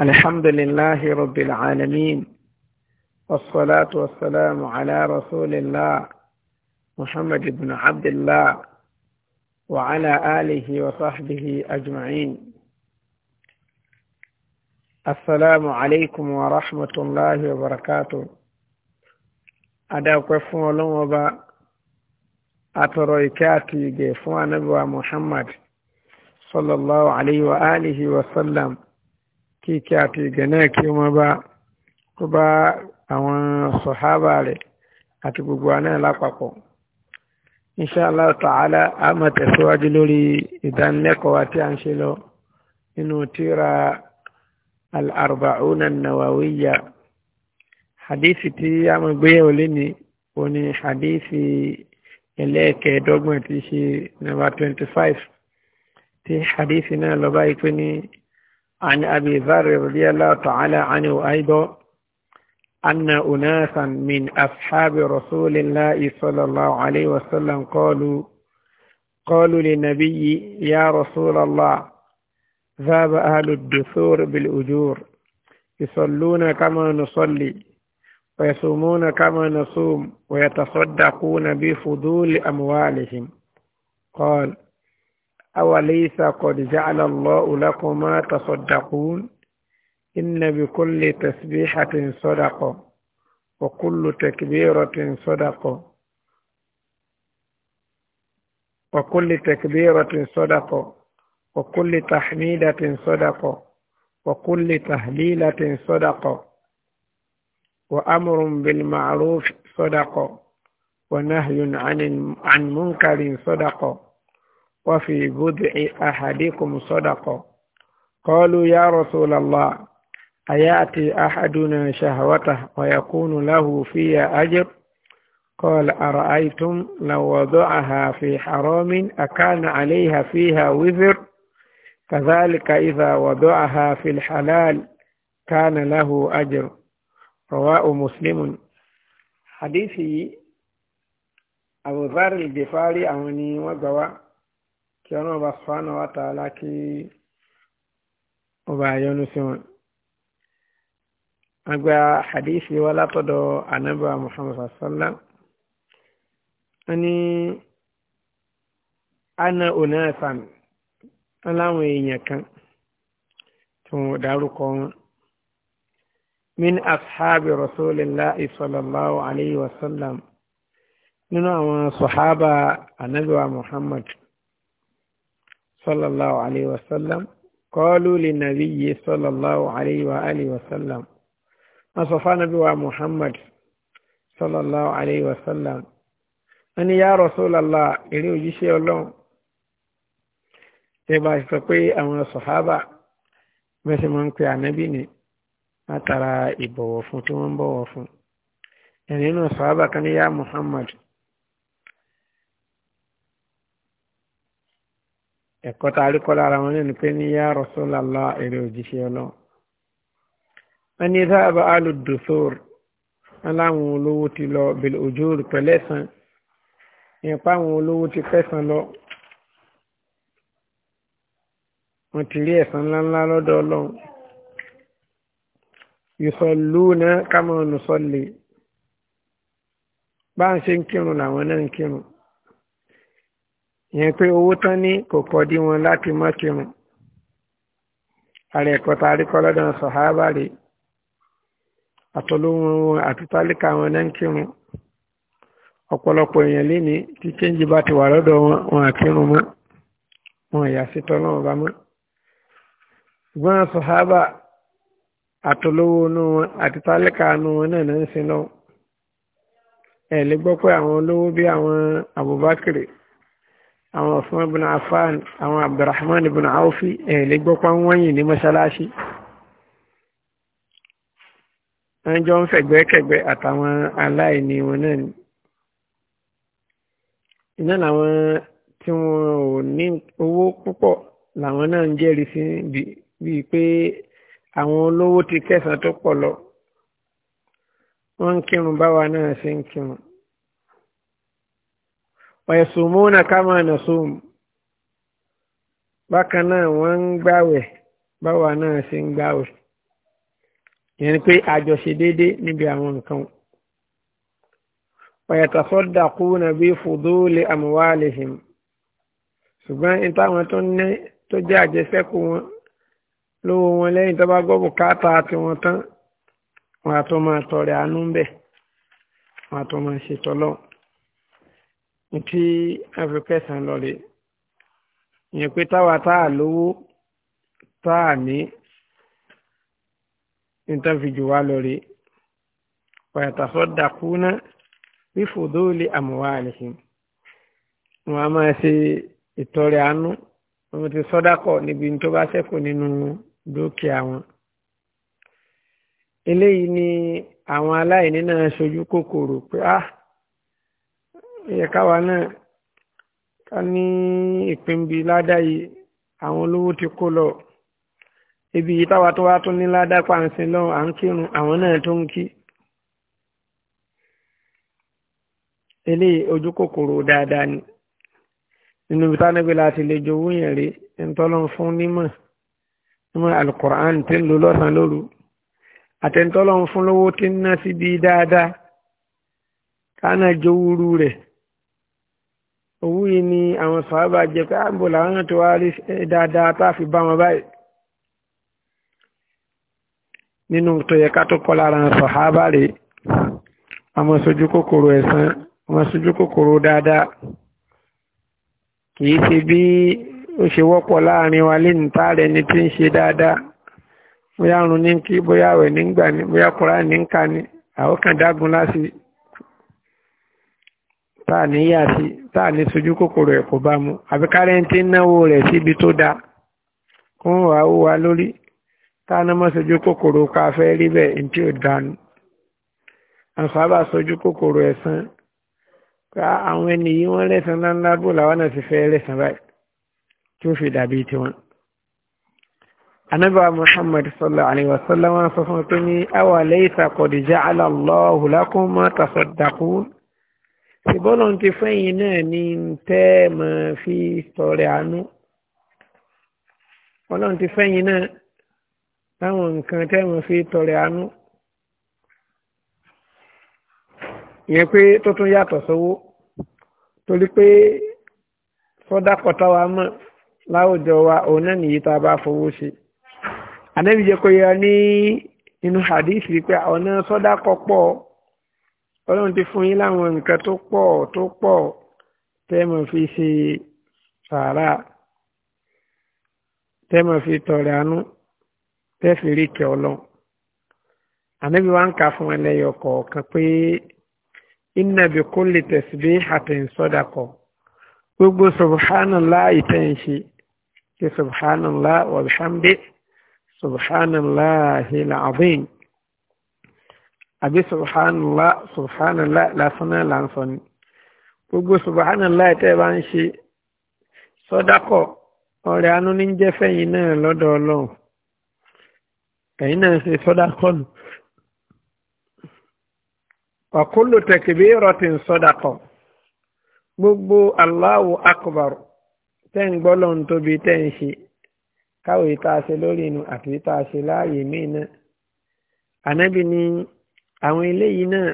الحمد لله رب العالمين والصلاة والسلام على رسول الله محمد بن عبد الله وعلى آله وصحبه أجمعين السلام عليكم ورحمة الله وبركاته أدعوك فون لنوبا أترويكاتي جيفوان أبوى محمد صلى الله عليه وآله وسلم kí kí àti ìgẹ̀ náà kí wọ́n bá kó bá àwọn sọ̀hábà rẹ̀ àti gbogbo àná lápapọ̀ inṣàlá ta'ala a máa tẹ̀síwájú lórí ìdánilẹ́kọ̀ọ́ àti à ń ṣe lọ nínú tíra al-arba'una nawawiyya hadithi tí a máa gbéyàwó lénìí òun ni hadithi ẹlẹ́ẹ̀kẹ́ẹ̀dọ́gbọ̀n tí ṣe number twenty five tí hadithi náà lọ báyìí عن أبي ذر رضي الله تعالى عنه أيضا أن أناسا من أصحاب رسول الله صلى الله عليه وسلم قالوا قالوا للنبي يا رسول الله ذهب أهل الدثور بالأجور يصلون كما نصلي ويصومون كما نصوم ويتصدقون بفضول أموالهم قال أوليس قد جعل الله لكم ما تصدقون إن بكل تسبيحة صدقة وكل تكبيرة صدقة وكل تكبيرة صدقة وكل تحميدة صدقة وكل تهليلة صدقة وأمر بالمعروف صدقة ونهي عن عن منكر صدقة وفي بدع أحدكم صدقة قالوا يا رسول الله أيأتي أحدنا شهوته ويكون له فيها أجر قال أرأيتم لو وضعها في حرام أكان عليها فيها وزر كذلك إذا وضعها في الحلال كان له أجر رواه مسلم حديثي أبو ذر الجفاري أوني وقوى kí ọlọ́run bá fàánà wà tààlà kí ọba àyọnu sí wọn. agba hadisi wa látọ̀dọ̀ anábà muhammad sallam ani ana onasan aláwọn èèyàn kan tí wọn dárúkọ wọn min ashabi rasulillah sallallahu alayhi wa sallam nínú àwọn sahaba anabiwa muhammad صلى الله عليه وسلم قالوا للنبي صلى الله عليه وآله وسلم أصفى نبي محمد صلى الله عليه وسلم أني يا رسول الله إلي وجيشي الله تبا يفقي أو الصحابة بس من قيا نبيني أترى إبو وفن تمن بو وفن يعني أنه الصحابة كان يا محمد ẹ̀kọ́ tá a rí kọ́ lára wọn nínú pé ní yá Rasulullah èrè òjíṣẹ́ ọlọ́run wọ́n ní sábà alùdùsọ́r wọn láwọn olówó ti lọ bẹ̀lẹ̀ òjò pẹ̀lẹ́sàn nípa àwọn olówó ti pẹ̀sàn lọ wọn ti rí ẹ̀san ńláńlá lọ́dọ̀ ọlọ́run yusalluna kama nusalli bá ń ṣe ń kírun làwọn náà ń kírun ìyẹn pé owó tán ní kò kọdí wọn láti mọ́ kírun ààrẹ ẹ̀kọ́ ta ríkọ́ lọ́dọ̀ sọ̀háábà rèé àtọ́lówó wọn àti tálíkà wọn náà ń kírun ọ̀pọ̀lọpọ̀ èèyàn léni tí kéńjì bá ti wà lọ́dọ̀ wọn wọn àkírun mọ́ wọn ìyá sí tọ́lọ́wọ́n bá mọ́ ṣùgbọ́n sọ̀háábà àtọ́lówó wọn àti tálíkà wọn náà ń sin lọ́wọ́ ẹ̀ lè gbọ́ pé àwọn olówó bí àwọn Abubakar àwọn Usman ibn Affan àwọn Abdurrahman ibn Awfi ẹ̀ lè gbọ́pá wọ́nyìn ní mọ́ṣáláṣí wọ́n jọ ń fẹ̀gbẹ́kẹ̀gbẹ́ àtàwọn aláìní wọn náà ni iná làwọn tí wọn ò ní owó púpọ̀ làwọn náà ń jẹ́rìí sí bíi pé àwọn olówó ti kẹsàn-án tó pọ̀ lọ wọ́n ń kírun báwa náà ṣe ń kírun wàyẹ̀sùmúnà kámà nàṣùm bákan náà wọ́n ń gbàwẹ̀ báwa náà ṣe ń gbàwẹ̀ yẹn ni pé àjọṣe déédéé níbi àwọn nǹkan wàyẹ̀tàsọ́dàkúnà bí fùdúlé àmúwálẹ̀hìm ṣùgbọ́n ní táwọn tó ní tó jẹ́ àjẹsẹ́kù wọn lówó wọn lẹ́yìn tó bá gbọ́ bùkátà tiwọn tán wọn àtọ́ máa tọrẹ àánú ń bẹ̀ wọn àtọ́ máa ṣètọ́lọ́wọ́ tí afrikẹsàn lọ rè yẹn pé táwa tá a lówó tá a ní nítorí fi jù wá lọ rè pàtàkó dàkúná wífòdó lè àmúwá àlìhìn wọn a máa ṣe ìtọrẹ àánú wọn ti sọdákọ níbi tó bá ṣẹ́kù nínú dúkìá wọn eléyìí ni àwọn aláìní náà ṣojú kòkòrò pé ah ẹ̀yẹ káwa náà ká ní ìpínbi ládá yìí àwọn olówó ti kó lọ ibi yìí táwa tó wá tó ní ládá pàǹsìn lọ́hùn à ń kírun àwọn náà tó ń kí eléyìí ojú kòkòrò dáadáa ni nínú ibi tánàbí láti lè jowó yẹn rí ntọ́lọ́n fún nímọ̀ nímọ̀ alukur'an tí ń lò lọ́sàn-án lóru àtẹ̀ntọ́lọ́n fún lówó tí ń ná síbi dáadáa ká náà jowúrú rẹ̀ owó yìí ni àwọn sàábà jẹ pé àbò ah, làwọn tó wá rí eh, dáadáa tá a fi bá wọn báyìí nínú tó yẹ ká tó kọ́ lára àwọn sàábà rè àwọn sojú kòkòrò ẹ̀sán àwọn sojú kòkòrò dáadáa kìí ṣe bí ó ṣe wọ́pọ̀ láàrin wa lè níta rẹ̀ ni tí ń ṣe dáadáa bóyá àrùn ní kí bóyá àwẹ̀ nígbà ní bóyá kùrá ní ń kà ní àwọn kan dágun láti táà ní yà sí táà ní sojú kòkòrò ẹ̀ kò bá mu àbí kárẹ́ǹtì náwó rẹ̀ síbi tó dáa kó ń wàá wúwa lórí táà ní mọ́ sojú kòkòrò ká fẹ́ rí bẹ́ẹ̀ ní tí ò dánú àǹfààbà sojú kòkòrò ẹ̀sán ká àwọn ẹni yìí wọ́n lẹ́sàn ńláńlá bò làwọn náà ti fẹ́ lẹ́sàn báyìí tí ó fi dàbí tiwọn. anábà muhammad sallallahu alaihi wa sallam wọn sọ fún mi pé ní awà laysa qad ja'ala ṣùgbọ́n ti fẹ́yìn náà ni tẹ́ mọ̀ fi tọrẹ àánú ọlọ́run ti fẹ́yìn náà láwọn nǹkan tẹ́ mọ̀ fi tọrẹ àánú ìyẹn pé tó tún yàtọ̀ sówó torí pé sọ́dákọ̀tà wa mọ̀ láwùjọ wa òun náà nìyí tá a bá fowó ṣe ànábìyẹ kò yẹ ní inú hadith rí pé ọ̀nà sọ́dákọ̀ pọ̀ ọlọ́run ti fún yín láwọn nǹkan tó pọ̀ tó pọ̀ tẹ́mọ̀ fi ṣe sàárà tẹ́mọ̀ fi tọrẹ àánú tẹ́fì rí kẹ́ ọlọ́run ànábi wa ń kà fún ẹlẹ́yọ kọ̀ọ̀kan pé inna bi kulli tasbihatin sadaqa gbogbo subhanallah ìtẹ̀yìnṣe ṣe subhanallah wa bihamdi subhanallahil azim àbí subhanallah subhanallah lásán náà là ń sọ ni gbogbo subhanallah tẹ́ bá ń ṣe sọ́dákọ̀ ọ̀rẹ́ anú ní jẹ́ fẹ́yìn náà lọ́dọ̀ ọlọ́run ẹ̀yin náà ṣe sọ́dákọ̀ nù wa kullu takbiratin sọ́dákọ̀ gbogbo Allahu akbar tẹ́ ń gbọ́ lọ́n tóbi tẹ́ ń ṣe káwé tá a ṣe lórí inú àti tá a ṣe láàyè míì náà ànábì ní àwọn eléyìí náà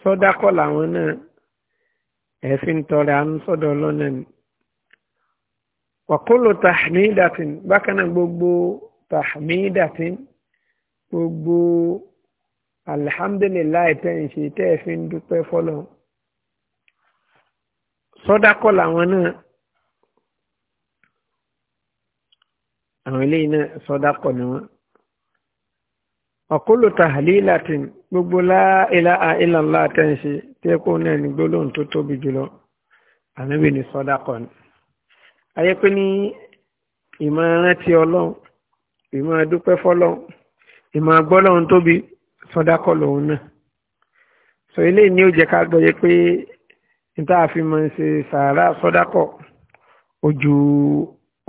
sọ́dákọ̀ làwọn náà ẹ̀fin tọrẹ àánú sọ́dọ̀ ọlọ́nà ni wàkúlù tahmidatin bákan náà gbogbo tahmidatin gbogbo alihamdulilayi tẹ́ ń ṣe tẹ́ ẹ fi ń dúpẹ́ fọ́lọ́ sọ́dákọ̀ làwọn náà àwọn eléyìí náà sọ́dákọ̀ ni wọ́n ọ̀kúlù tàhálílàtì gbogbo láìlá àìlànlá àtẹ́ǹṣe tẹ́kọ́ náà ní gbólóhùn tó tóbi jùlọ ànábì ní sọ́dákọ̀ ni. ayé pé ní ìmọ̀ rántí ọlọ́run ìmọ̀ dúpẹ́ fọlọ́run ìmọ̀ gbọ́lọ́run tóbi sọ́dákọ̀ lòun náà. sọ eléyìí ní ó ká gbọ́ yẹ pé níta àfi máa ń ṣe sàárà sọ́dákọ̀ ojú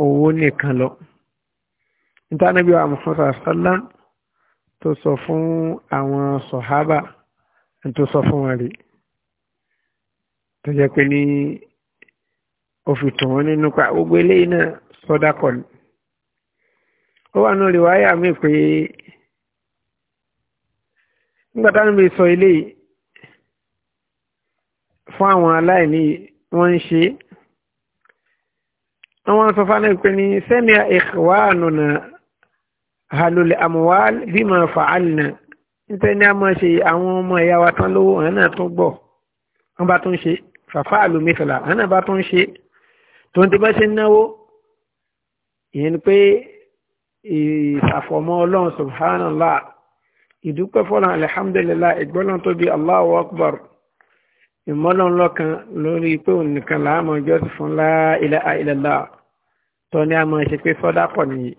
owó nìkan lọ. níta níbi àwọn àmọ̀fọ́sà sọ́lá tó sọ fún àwọn sọ̀hábà tó sọ fún wọn rí tó jẹ́ pé ní ó fi tù wọ́n nínú pa gbogbo eléyìí náà sọ́dákọ̀ ni ó wà nù rìwáyà mi pé nígbà táwọn mi sọ eléyìí fún àwọn aláìní wọ́n ń ṣe wọ́n sọ fún àwọn ìpè ní sẹ́ni ìwà ànùnà halulẹ̀ amuwal bímọ fàálìnà nítorí ní a máa ṣe àwọn ọmọ ẹ̀yà wa tán lówó àwọn náà tún gbọ́ wọ́n bá tún ṣe fàfà àlùmífìlà àwọn náà bá tún ṣe tó ń ti bá ṣe náwó ìyẹn ni pé ìṣàfọ̀mọ́ ọlọ́run subhanallah ìdúpẹ́ fọ́lá alhamdulillah ìgbọ́lọ́n tó bí Allahu akbar ìmọ́lọ́n lọ́kan lórí pé òun nìkan làá mọ̀ ọjọ́ tó ní a máa ṣe pé sọ́dá pọ̀ nìyí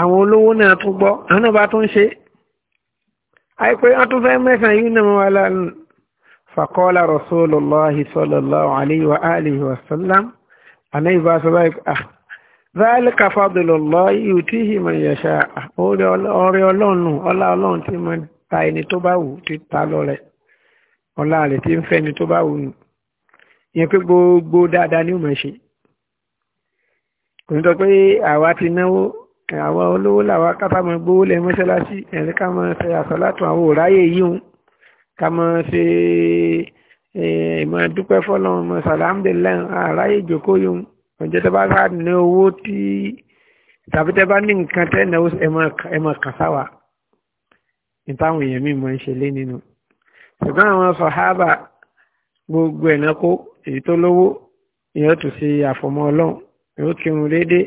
àwọn olówó náà tún gbọ́ àwọn náà bá tún ṣe àìpé wọ́n tún fẹ́ mẹ́sàn yìí náà wà lánàá fàkọ́lá rasulullahi sallallahu alayhi wa alihi wa sallam anáyí bá sọ báyìí ah zálìkà fadlullahi yutihi man yasha ah, ọrẹ ọlọ́run ọlá ọlọ́run tí mo ta ẹni tó bá wù ti àwọn olówó làwa káfà máa gbówó lẹ mọ́ṣáláṣí ẹ̀rí ká máa ṣe àsọ̀látún àwọn òráyè yìí ká máa ṣe ìmọ̀ dúpẹ́ fọ́lọ́run mọ̀ sàlámdìlẹ́ àráyè ìjókòó yìí ọjọ́ tó bá sáà ní owó tí tàbí tẹ́ bá ní nǹkan tẹ́ náà ẹ máa kà sáwà nítawọn èèyàn míì máa ń ṣe lé nínú ṣùgbọ́n àwọn sọ̀hábà gbogbo ẹ̀nà kó èyí tó lówó ìyẹn ó tún ṣe àfọmọ́ ọlọ́run ìyẹn ó kírun déédéé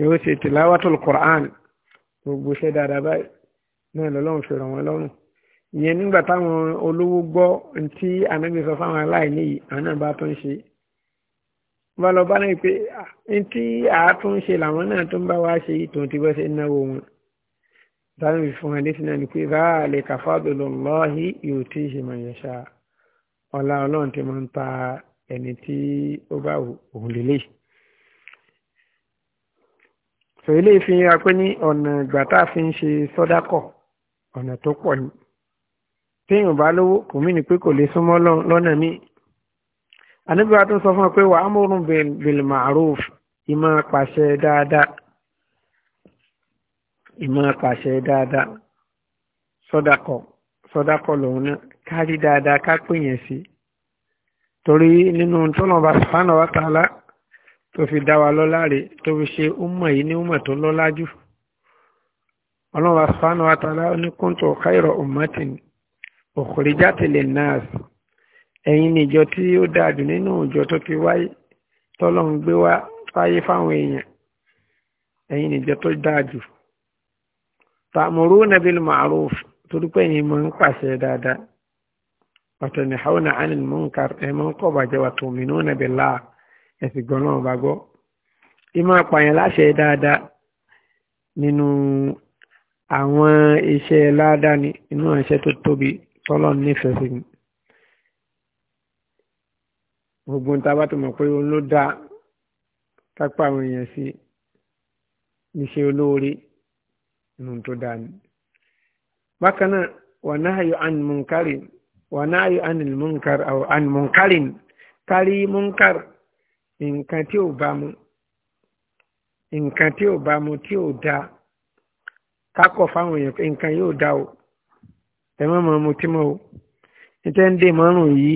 yóò ṣe tìláwàtúl Qur'an gbogbo iṣẹ́ dáadáa báyìí náà lọ́lọ́run fi ràn wọ́n lọ́rùn ìyẹn nígbà táwọn olówó gbọ́ tí ànábì sọ fáwọn aláìní yìí àwọn náà bá tó ń ṣe bá lọ bá náà pé ah, tí àátún ṣe làwọn náà tó ń bá wá ṣe tòun ti bọ́ sí náwó wọn táwọn fi fún wọn létí náà ni pé zalika fadlullahi yutihi man yasha ọlá ọlọ́run ti máa ń ta ẹni tí ó bá òun lélẹ́yìí sọ eléyìí fi hàn pé ní ọ̀nà ìgbà tá a fi ń ṣe sọ́dákọ̀ ọ̀nà tó pọ̀ ni téèyàn bá lówó kò mí ni pé kò lè súnmọ́ lọ́nà míì ànábì wa tún sọ fún ọ pé wà á múrùn bil ma'ruf ìmọ̀ pàṣẹ dáadáa ìmọ̀ pàṣẹ dáadáa sọ́dákọ̀ sọ́dákọ̀ lòun náà kárí dáadáa ká pè yẹn sí torí nínú tọ́nà bá subhanahu wa ta'ala tó fi dá wa lọ́lá rè tó fi ṣe umma yìí ní umma tó lọ́lá jù ọlọ́wà sánú àtàlá oníkóńtò káìrọ ummatin ukhrijat linnas ẹ̀yin níjọ tí ó dáadù nínú ìjọ tó ti wáyé tọ́lọ́run gbé wá sáyé fáwọn èèyàn ẹ̀yin níjọ tó dáadù ta'muruna bil ma'ruf torípé ni mo ń pàṣẹ dáadáa wa tanhauna 'anil munkar ẹ̀ ń kọ́ bàjẹ́ wa tu'minuna billah ẹ̀sìn gbọ́n náà bá gbọ́ ìmọ̀ apààyàn láṣẹ dáadáa nínú àwọn iṣẹ́ ládàáni inú iṣẹ́ tó tóbi tọ́lọ̀ nífẹ̀ẹ́ sí ni gbogbo nta bá tó mọ̀ pé òun ló dáa kápá àwọn èèyàn sí níṣẹ́ olóore nù tó dáa ni. bákan náà wà náà yọ àn munkarin wà náà yọ àn munkarin àwọn àn munkarin kárí munkar nǹkan tí o bá mu tí o bá mu tí ò da fáwọn yóò da o ẹ má mọ̀ tí o níta ndé márùn yìí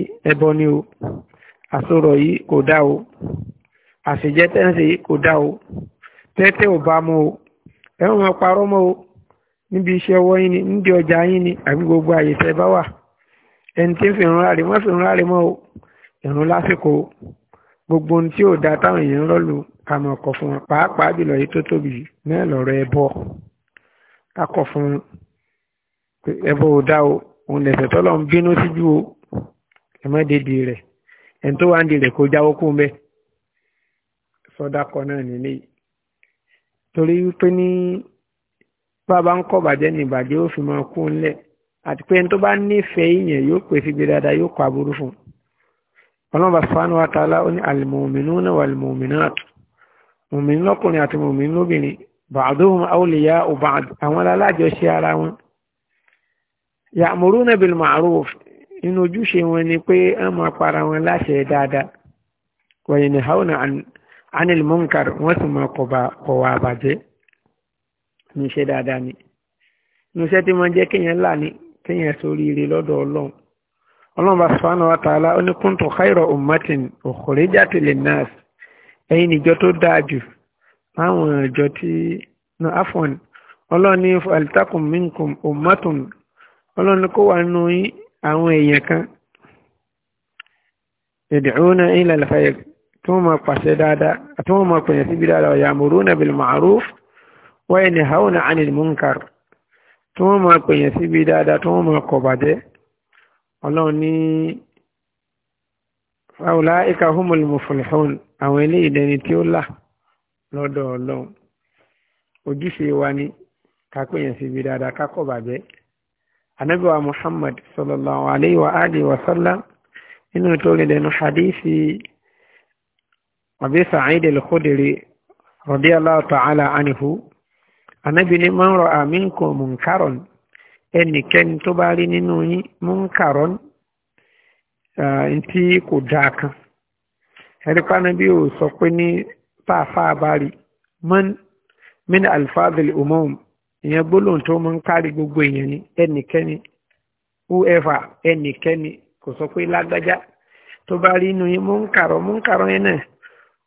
ni o àsọ̀rọ̀ yìí kò dá o àṣejẹ tẹ́ǹsì yìí kò dá o tẹ́tẹ́ ọ bá mu o ẹ má mọ̀ parọ́ o níbi iṣẹ́ yín ni níbi ni àbí gbogbo àyè bá wà ẹni tí ń fi láre o lásìkò o. gbogbo ohun tí ò da táwọn èèyàn rọ́lù àmọ́ ọkọ̀ fún wọn pàápàá jùlọ èyí tó tóbi náà lọ́rọ̀ ẹbọ kákọ̀ fún wọn ẹbọ ò dá o òun lẹ̀sẹ̀ tọ́lọ̀ ń bínú síjú o ẹ̀mọ́dédé rẹ̀ ẹni tó wá ń di rẹ̀ kó jáwọ́ kú mbẹ́ sọ́dákọ náà nílé torí wípé ní bàbá ń kọ́ bàjẹ́ ní ìbàjẹ́ ó fi máa kú ńlẹ̀ àti pé ẹni tó bá nífẹ̀ẹ́ ìyẹn yóò pèsè gbé dáadáa yóò kọ aburú fún un ọlọ́mọba sanu àtàlá ó ní almu'minuna walmu'minat mùmínú lọ́kùnrin àti mùmínú lóbìnrin ba'duhum awliya'u ba'd àwọn alájọṣe ara wọn ya'muruna bil ma'ruf inú ojúṣe wọn ni pé wọ́n máa para wọn láṣẹ dáadáa wa yanhauna 'anil munkar wọ́n sì máa kọ̀wà àbàjẹ́ níṣẹ́ dáadáa ni níṣẹ́ tí wọ́n jẹ́ kéèyàn lá ní kéèyàn sóríire lọ́dọ̀ ọlọ́run ọlọ́run bá sọ́nà wa tààlà ó ní kúntù khayra ummatin ukhrijat linnas ẹ̀yin ìjọ tó dáa jù láwọn ìjọ tí na afọ́n ọlọ́run ní faltakum minkum ummatun ọlọ́run kó wà nù àwọn èèyàn kan yad'una ila al-khayr tí wọ́n máa pàṣẹ dáadáa àti wọ́n máa pèyàn síbi dáadáa wa ya'muruna bil ma'ruf wa yanhauna 'anil munkar tí wọ́n máa pèyàn síbi dáadáa tí wọ́n máa kọ̀ bàjẹ́ ọlọ́run ní fàwùlá ìka humul muflihun àwọn ilé ìdẹni tí ó là lọ́dọ̀ ọlọ́run ojúṣe wa ni kápẹ́yàn sí ibi dáadáa kákọ̀ bàjẹ́ anábíwá muhammad sallallahu alayhi wa alihi wa sallam inú tó lè dẹnu hadithi abi sa'id al-khudri radiyallahu ta'ala anhu anábì ní man ra'a minkum munkaron ẹnikẹ́ni tó bá rí nínú yín múnkàrọ́n tí kò dáa kan ẹ̀rípánu bí ó sọ pé ní pàfà àbárí min alfadil umum ìyẹn gbólóhùn tó mọ́ ń kárí gbogbo èèyàn ni ẹnikẹ́ni whoever ẹnikẹ́ni kò sọ pé lágbájá tó bá rí inú yín múnkàrọ́ múnkàrọ́ yẹn náà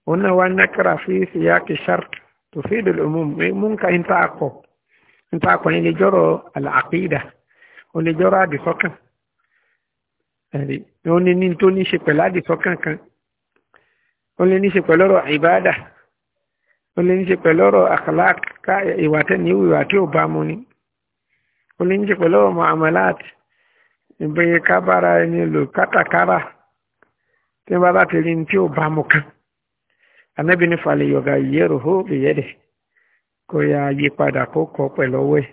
òun náà wá nákàrà fi síyá kìsàr tó fi dùn umum múnkà ń tà kọ̀ nípa akọni lè jọrọ àkídà ó lè jọrọ àdìsọ́kàn ẹ̀rí ó ní ní tó ní ṣe pẹ̀lú àdìsọ́kàn kan ó lè ní ṣe pẹ̀lú ọ̀rọ̀ ìbáàdà ó lè ní ṣe pẹ̀lú ọ̀rọ̀ àkàlákà ìwà tẹ́ni ìwà tí ò bá mu ni ó lè ní ṣe pẹ̀lú ọ̀rọ̀ muamalat ìbẹ̀yẹ kábàárà ẹni lò kátàkárà tí wọ́n bá ti rí ní tí ò bá mu kan anábìnrin falẹ̀ yọ̀gà yẹ̀rọ̀ hó lè yẹ̀ dẹ̀ kó yá yí padà kó kọ́ pẹ̀lú ọwọ́ ẹ̀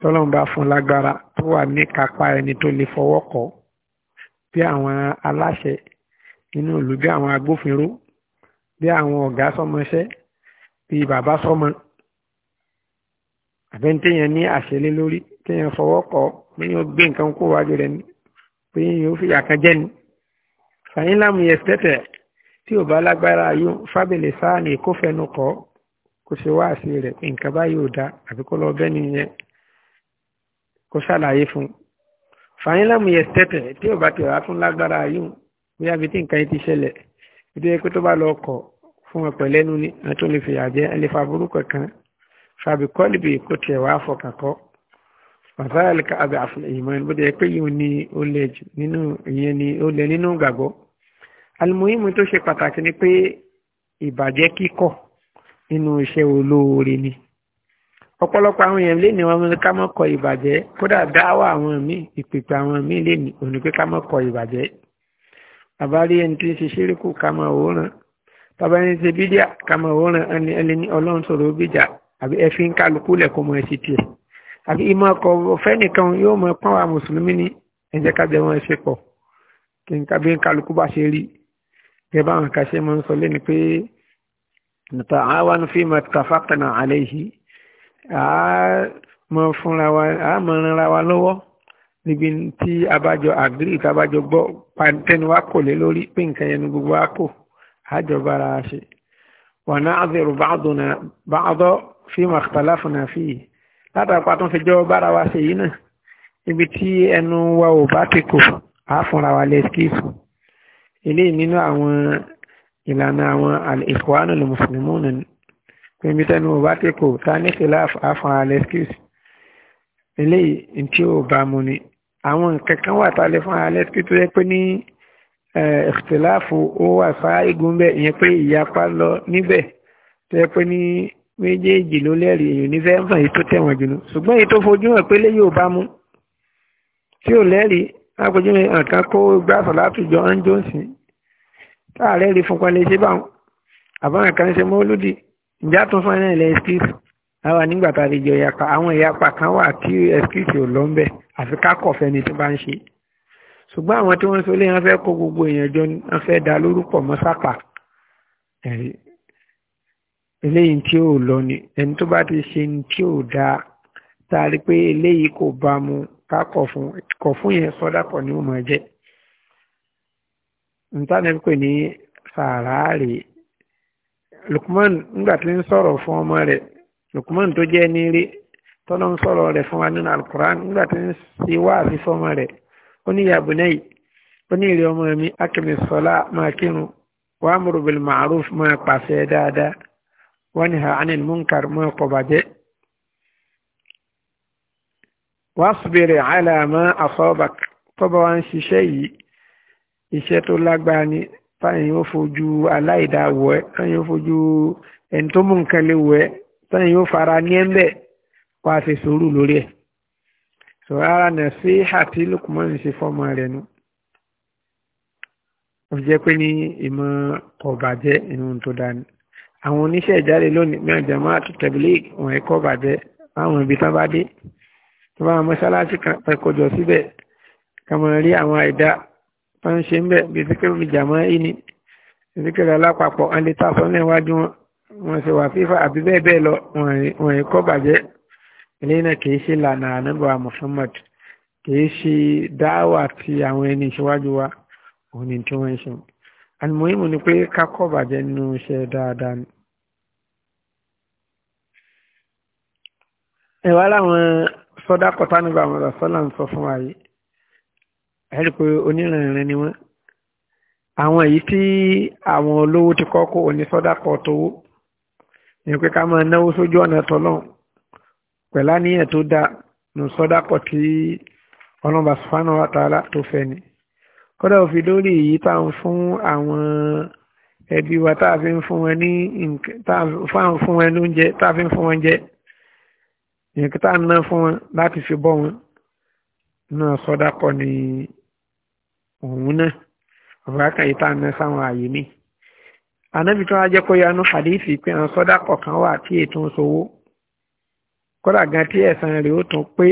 tọ́lọ́run bá fún lágbára tó wà ní kápá ẹni tó lè fọwọ́ kọ́ bí àwọn aláṣẹ inú ìlú bí àwọn agbófinró bí àwọn ọ̀gá sọmọṣẹ́ bí bàbá sọmọ àbẹ́ téèyàn ní àṣẹlé lórí téèyàn fọwọ́ kọ́ téèyàn gbé nǹkan kó wájú rẹ̀ ní pé yóò fi àkàn jẹ́ ni fàyín lámùyẹ tẹ́tẹ̀ tí ò bá lágbára yóò fábìlì sáà ní kó fẹnu kọ́ kó ṣe wáàsí rẹ̀ pé nǹkan báyìí ò dáa àbí kó lọ bẹ́ni yẹn kó ṣàlàyé fún un fàyín lámù yẹ tẹ́tẹ̀ tí ò bá ti rà fún lágbára yìí bóyá bí tí nǹkan yìí ti ṣẹlẹ̀ ìdí pé tó bá lọ kọ̀ fún ọ̀pẹ̀ lẹ́nu ni ẹ̀ tó lè fìyà jẹ́ ẹ̀ lè fa burúkú kan fàbíkọ́lìbì kò wá fọkàn kọ́ fàtàlìkà àbẹ̀ àfihàn bó jẹ́ pé nínú iṣẹ́ olóore ni ọ̀pọ̀lọpọ̀ àwọn èèyàn lé ní wọn ká mọ́ kọ ìbàjẹ́ kódà dáwọ́ àwọn míì ìpèpè àwọn míì lé ní òní pé ká mọ́ kọ ìbàjẹ́ bàbá rí ẹni tí ń ṣe ṣíríkù ká mọ́ òóràn bàbá ẹni tí bídíà ká mọ́ òóràn ẹni ẹni ní ọlọ́run sọ̀rọ̀ bíjà àbí ẹ ń kálukú lẹ̀kọ́ mọ́ ẹsì tiẹ̀ àbí ìmọ̀ ọ̀fẹ́ nìkan yóò mọ pọ́n wa mùsùlùmí ni ẹ jẹ́ ká jẹ n kálukú bá ṣe rí gẹ́gẹ́ báwọn kan ṣe máa ń sọ lẹ́ni pé nataawanu fima tafaqna alayhi a mọ fúnra wa a mọ ránra wa lọ́wọ́ níbi tí abájọ agri tábájọ gbọ́ pàtẹ́niwá kò lé lórí pé nǹkan yẹn ni gbogbo wa kò àjọba ara ṣe wa na'dhiru ba'duna ba'da fima ikhtalafna fihi látàpá tó ń fi jọ bára wa ṣe yìí ibi tí ẹnu wa ò bá ti kò á fúnra wa lẹ́sìkì fún eléyìí nínú àwọn ìlànà àwọn al-ikhwan al-muslimun nù pé mi tẹnu ò bá ti kò ta ní khilaf àfọn alexis eléyìí tí ò bá mu ni àwọn kankan wà tá a lè fún alexis tó yẹ pé ní ìkhtiláàfù ó wà sáà igun bẹ́ẹ̀ ìyẹn pé ìyapa lọ níbẹ̀ tó yẹ pé ní méjèèjì ló lẹ́rìí èèyàn ní fẹ́ẹ́ mọ̀ tó tẹ̀wọ̀n jùlọ ṣùgbọ́n èyí tó fojú hàn pé léyìí ò bá mu tí ò lẹ́rìí lápòjú mi nǹkan kó gbàsọ̀ látùjọ ń jó táàrẹ rí fún pa lè ṣe báwọn àbáwọn kan ṣe mọ́lúdì ìjà tún fún ẹ̀rẹ́ ilẹ̀ excuse àwa nígbà tá a lè jọ ìyapa àwọn ìyapa kan wà tí excuse ò lọ ń bẹ̀ àfi kákọ̀ fẹ́ni tí bá ń ṣe ṣùgbọ́n àwọn tí wọ́n ń sọ wọn fẹ́ kó gbogbo èèyàn jọ wọn fẹ́ da lórúkọ mọ́ sápà eléyìí tí ò lọ ni ẹni tó bá ti ṣe ní tí ò dáa tá rí pé eléyìí kò bá mu ká kọ̀ fún yẹn sọ́dá pọ̀ ni ó máa jẹ́ ntánà pè ní sàráàrè Lukman nígbà tí ń sọ̀rọ̀ fún Lukman tó jẹ́ nílé tọ́nà ń sọ̀rọ̀ rẹ̀ fún wa nínú alukuran nígbà tí ń ṣe wá àfi rẹ̀ ó ní yàbù mi bil ma'ruf anil munkar iṣẹ́ tó lágbára ni táyìn yóò fojú aláìda wọ̀ ẹ́ táyìn yóò fojú ẹni tó mú nǹkan lè wọ̀ ẹ́ táyìn yóò fara ní ẹ́ mbẹ́ wá ṣe sùúrù lórí ẹ̀ sọ̀rọ̀ ara nà sí àti lukumọ́nì ṣe fọ́mọ rẹ̀ nu ó jẹ́ pé ní ìmọ̀ ọ̀bàjẹ́ ìhun tó dání àwọn oníṣẹ́ ìjáde lónìí ní àjàmọ́ àtútẹ̀bílẹ̀ wọn ẹ̀kọ́ bàjẹ́ láwọn ibi tán bá dé tó bá wọn mọ́ṣáláṣí kan ẹ̀kọ́jọ síbẹ̀ kàmọ́ rí àwọn àìdá tó ń ṣe ń bẹ̀ bí síkírù ní jàmọ́ yìí ni síkírù alápapọ̀ wọn lè tásọ níwájú wọn wọn sì wà fífà àbí bẹ́ẹ̀ bẹ́ẹ̀ lọ wọn ì kọ́ bàjẹ́ ilé náà ṣe lànà ànábà Muhammad kì ṣe dáwà ti àwọn ẹni ìṣíwájú wa òun ni tí wọ́n ń ṣe àlùmọ́yìnbó ni pé ká kọ́ bàjẹ́ nínú iṣẹ́ dáadáa ni. ẹ̀wá láwọn sọ́dá kọ́tánù bá wọn lọ sọ́là ń sọ fún wa yìí ẹ̀rí pé onírìnrìn ni wọ́n àwọn èyí tí àwọn olówó ti kọ́ kó onísọ́dákọ̀ tówó ní pé ká máa náwó sójú ọ̀nà tọ́lọ́n pẹ̀lá níyàn tó dáa nù sọ́dákọ̀ tí ọlọ́mọba sùfánà wà tààlà tó fẹ́ ni kódà òfin lórí èyí tá à ń fún àwọn ẹbí wa tá a fi ń fún wọn ní tá a fún wọn lóúnjẹ tá a fi ń fún wọn jẹ ìyẹn kí tá a ná fún wọn láti fi bọ́ wọn náà sọ́dákọ̀ ni òun náà ọ̀bùrákà yìí tá a ná sáwọn àyè mi. ànábì tí wọ́n jẹ́ kó yanú hadithi pé àwọn sọ́dá kọ̀ọ̀kan wà tí ètò ń sowó kódà gan tí ẹ̀san rẹ̀ ó tún pé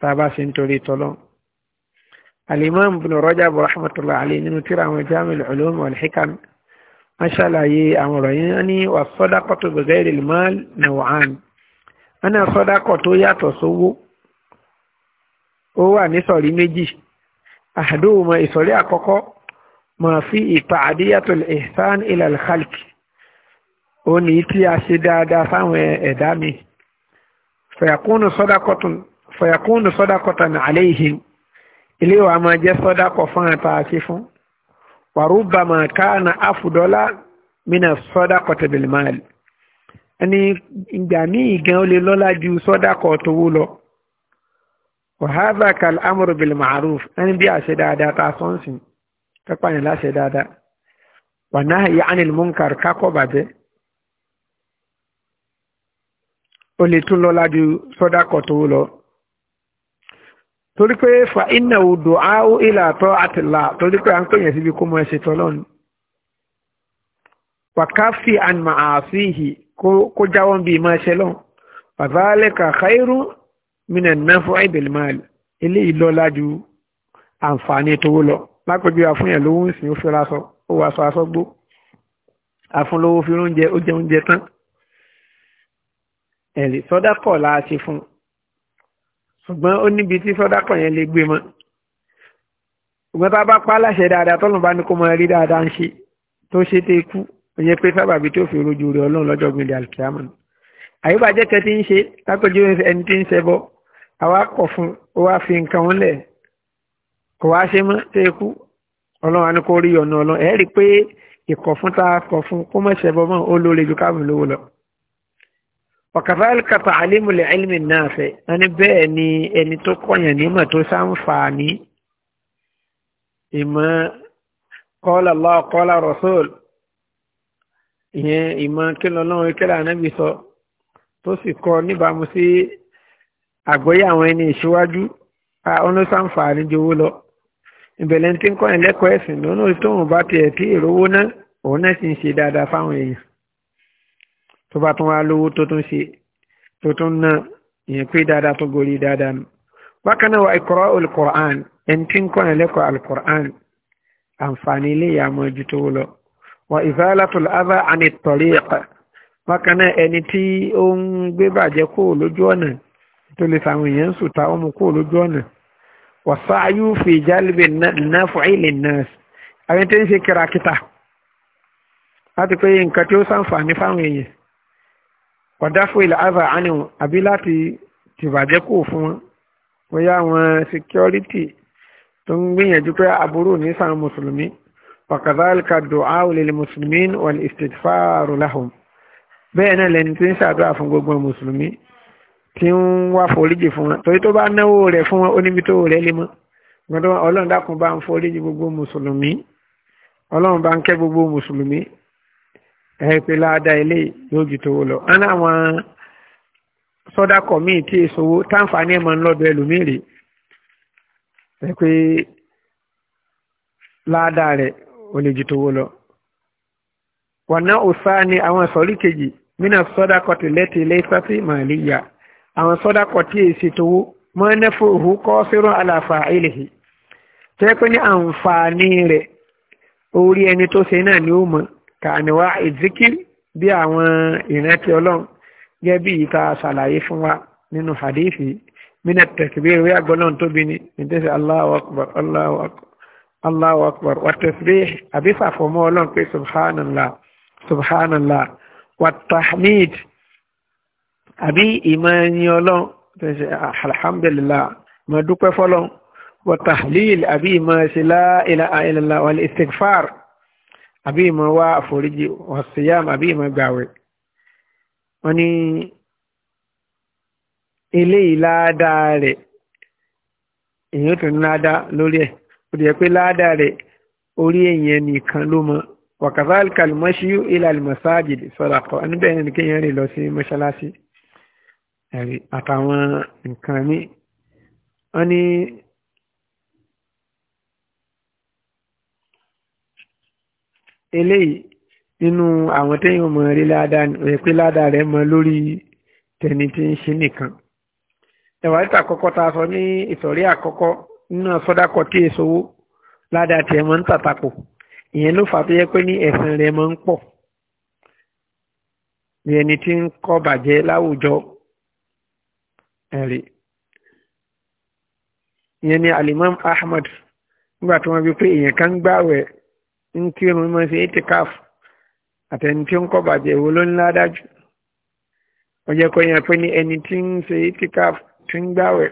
tá a bá ṣe ń torí tọ́lọ́. alimam ibn Rajab rahmatullahi alayhi nínú tírà àwọn Jami'ul Ulum wal Hikam wọ́n àwọn ọ̀rọ̀ yẹn ní wà sọ́dákọ̀ tó bẹ̀rẹ̀ ìlmọ́l nàwọ̀án wọ́n náà sọ́dákọ̀ tó yàtọ̀ sówó ó wà nísọ̀rí méjì àdóhùnmọ̀ ìsọ̀rí àkọ́kọ́ máa fi ìpa àdíyàtọ̀ ìsán ilẹ̀ alkhalki ó ní tí a ṣe dáadáa sáwọn ẹ̀dá mi fọ̀yàkúnnù sọ́dákọ̀tàn àléhìn ilé wa máa jẹ́ sọ́dákọ̀ fún àtà àṣẹ fún wàrúbà máa káàna áfùdọ́lá mínà sọ́dákọ̀tàn bilmal ẹni ìgbà míì gan ó lọ́lá ju sọ́dákọ̀ tówó lọ wàhálà kal amúrò bil ma'ruf ẹni bí àṣẹ dáadáa ta sọ́nsìn kápá yẹn láṣẹ dáadáa wà náà yẹ anil munkar kákọ́ bàjẹ́ ó lè tún lọ́la ju sọ́dákọ̀ tó lọ torí pé fa iná odò áwú ilà àtọ́ àtìlá torí pé à ń pèyàn síbi kó mọ ẹsẹ̀ tọ́lọ́ ni wàkáfì àmà àfihì kó jáwọ́ bí máa ṣẹlọ́n wàzálẹ́kà khairu mina náfọ ìbẹ̀lẹ̀máàlì eléyìí lọ lájú àǹfààní tówó lọ lápẹjù àfúnyàn lówó ń sìn ó fi raṣọ ó wà aṣọ aṣọ gbó àfúnlówó fi oúnjẹ ó jẹ oúnjẹ tán ẹ̀rì sọ́dákọ̀ la ṣe fún ṣùgbọ́n ó níbi tí sọ́dákọ̀ yẹn lè gbé mọ́ ṣùgbọ́n tá a bá pa á láṣẹ dáadáa tọ́lùm bá ní kó máa rí dáadáa ń ṣe tó ṣe tẹ́ kú ìyẹn pé sábàbí tó fi rojú rẹ̀ ọlọ́run lọ́jọ́ gbìndé àlùkìyàmọ́ àyíbàjẹ́ kẹ́ ti ń ṣe lápẹjù ẹni tí ń ṣẹbọ àwa kọ̀ fún ó wá fi nǹkan wọn lẹ̀ kò wá ṣe mọ́ tó ikú ọlọ́run àni kò rí ọ̀nà ọlọ́run ẹ̀ẹ́rì pé ìkọ̀ fún ta kọ̀ fún kó mọ̀ ṣẹ̀bọ mọ́ ó lóore ju káàmù lówó lọ. ọ̀kàfàlùkà tàálímù lè ẹ̀lìmì náà fẹ́ ẹni bẹ́ẹ̀ ni ẹni tó kọ̀yàn nímọ̀ tó sáǹfààní ìmọ̀ kọ́lá Allah kọ́lá Rasul ìyẹn ìmọ̀ kí lọ́lọ́run kí àgbọ́yé àwọn ẹni ìṣíwájú ọlọ́sàǹfààní jowó lọ ìbẹ̀lẹ̀ tí ń kọ́ ẹ̀ lẹ́kọ̀ọ́ ẹ̀sìn lọ́nà tóun bá tiẹ̀ tí ìrówó náà òun náà sì ń ṣe dáadáa fáwọn èèyàn tó bá tún wá lówó tó tún ṣe tó tún ná ìyẹn pé dáadáa tó gorí dáadáa nù bákan náà wà ìkọ́rọ́ olùkọ́rán ẹni tí ń kọ́ ẹ̀ lẹ́kọ̀ọ́ àǹfààní ilé ìyàmọ́ ju tó lọ wà ìfẹ́lẹ́tò lábá àni tọ̀rí ẹ̀kọ́ bákan náà ẹni tí ó ń gbé bàjẹ́ kó lójú ọ̀nà tó lè fa àwọn èèyàn sùn táwọn mú kúrò lójú ọ̀nà wàsá yóò fi ìjálùbẹ̀ náà fún ilẹ̀ náà àwọn tó ń ṣe kìràkìtà láti pé nǹkan tí ó sàǹfààní fáwọn èèyàn ọ̀dá fún ilẹ̀ azà ánìwọ̀n àbí láti tìbàjẹ́ kò fún wọn bóyá àwọn security tó ń gbìyànjú pé àbúrò ní sàn mùsùlùmí wàkàzálìkà dùá olèlè mùsùlùmí wal istighfaru lahum bẹ́ẹ̀ náà lẹni tí ń ṣàdúrà fún gbogbo mùsùlùmí tí ń wá foríjì fún wọn torí tó bá náwó rẹ̀ fún wọn ó níbi tó rẹ̀ lé mọ́ gbọ́dọ̀ ọlọ́run dákun bá ń foríjì gbogbo mùsùlùmí ọlọ́run bá ń kẹ́ gbogbo mùsùlùmí ẹ̀ pé láàdá ilé yóò ju tówó lọ. á láwọn sọ́dákọ̀ míì tí èso owó táǹfààní ẹ̀ máa ń lọ́dọ̀ ẹlòmíì rè ẹ̀ pé láàdá rẹ̀ ò lè ju tówó lọ. wọ̀nà òsá ni àwọn sọ̀rí mí náà sọ́dákọ̀ tìlẹ́tìlẹ́ sátì màlíyà àwọn sọ́dákọ̀ tí èsì tówó mọ́ nẹ́fò òhù kọ́ sírún àlàfà ìlèhì tẹ́ pé ní àǹfààní rẹ̀ orí ẹni tó ṣe náà ni ó mọ̀ kàníwá ìzíkìr bí àwọn ìrántí ọlọ́run gẹ́gẹ́ bí ìta ṣàlàyé fún wa nínú hadithi mina tẹ̀kìbíir wíyà gbọ́dọ̀ tóbi ni nítẹ̀sí Allahu akbar Allahu akbar Allahu akbar wa tasbih ọlọ́run pé subhanallah subhanallah wa tahmid àbí ìmọ̀ ẹni ọlọ́run tẹ̀sẹ̀ alhamdulillah mọ̀ dúpẹ́ fọ́lọ́run wa tahlil àbí ìmọ̀ ẹ̀sẹ̀ la ilaha illallah wal istighfar àbí ìmọ̀ wá àforíjì wa siyam àbí ìmọ̀ gbàwẹ̀ wọ́n ní ilé ìlàádá rẹ̀ èyí tó ní ládá lórí ẹ̀ ó dẹ̀ pé ládá rẹ̀ orí èyàn nìkan ló mọ wàkàtà alkalmashi ila almasajid sadaqa níbẹ̀ ni kéèyàn rè lọ sí mọ́ṣáláṣí ẹ̀rí àtàwọn nǹkan mi wọ́n ní eléyìí nínú àwọn téèyàn mọ̀ rí ládàá rẹ̀ pé ládàá rẹ̀ mọ lórí tẹni tí ń ṣe nìkan ẹ̀wà ìta àkọ́kọ́ ta sọ ní ìsọ̀rí àkọ́kọ́ nínú sọ́dákọ̀ tí èso owó ládàá tiẹ̀ mọ́ ń tàtàpọ̀ ìyẹn ló fà tó yẹ pé ní ẹ̀sìn rẹ̀ mọ́ ń pọ̀ bí ẹni tí ń kọ́ bàjẹ́ láwùjọ ẹ̀rí ìyẹn ni alimam ahmad nígbà tí wọ́n fi pé èèyàn kan gbààwẹ̀ ń kírun mọ́ sí itikaf àtẹni tí ó ń kọ́ bàjẹ́ ìwo ló ń ládájú ó jẹ́ kó yẹn pé ní ẹni tí ń ṣe itikaf tí ń gbààwẹ̀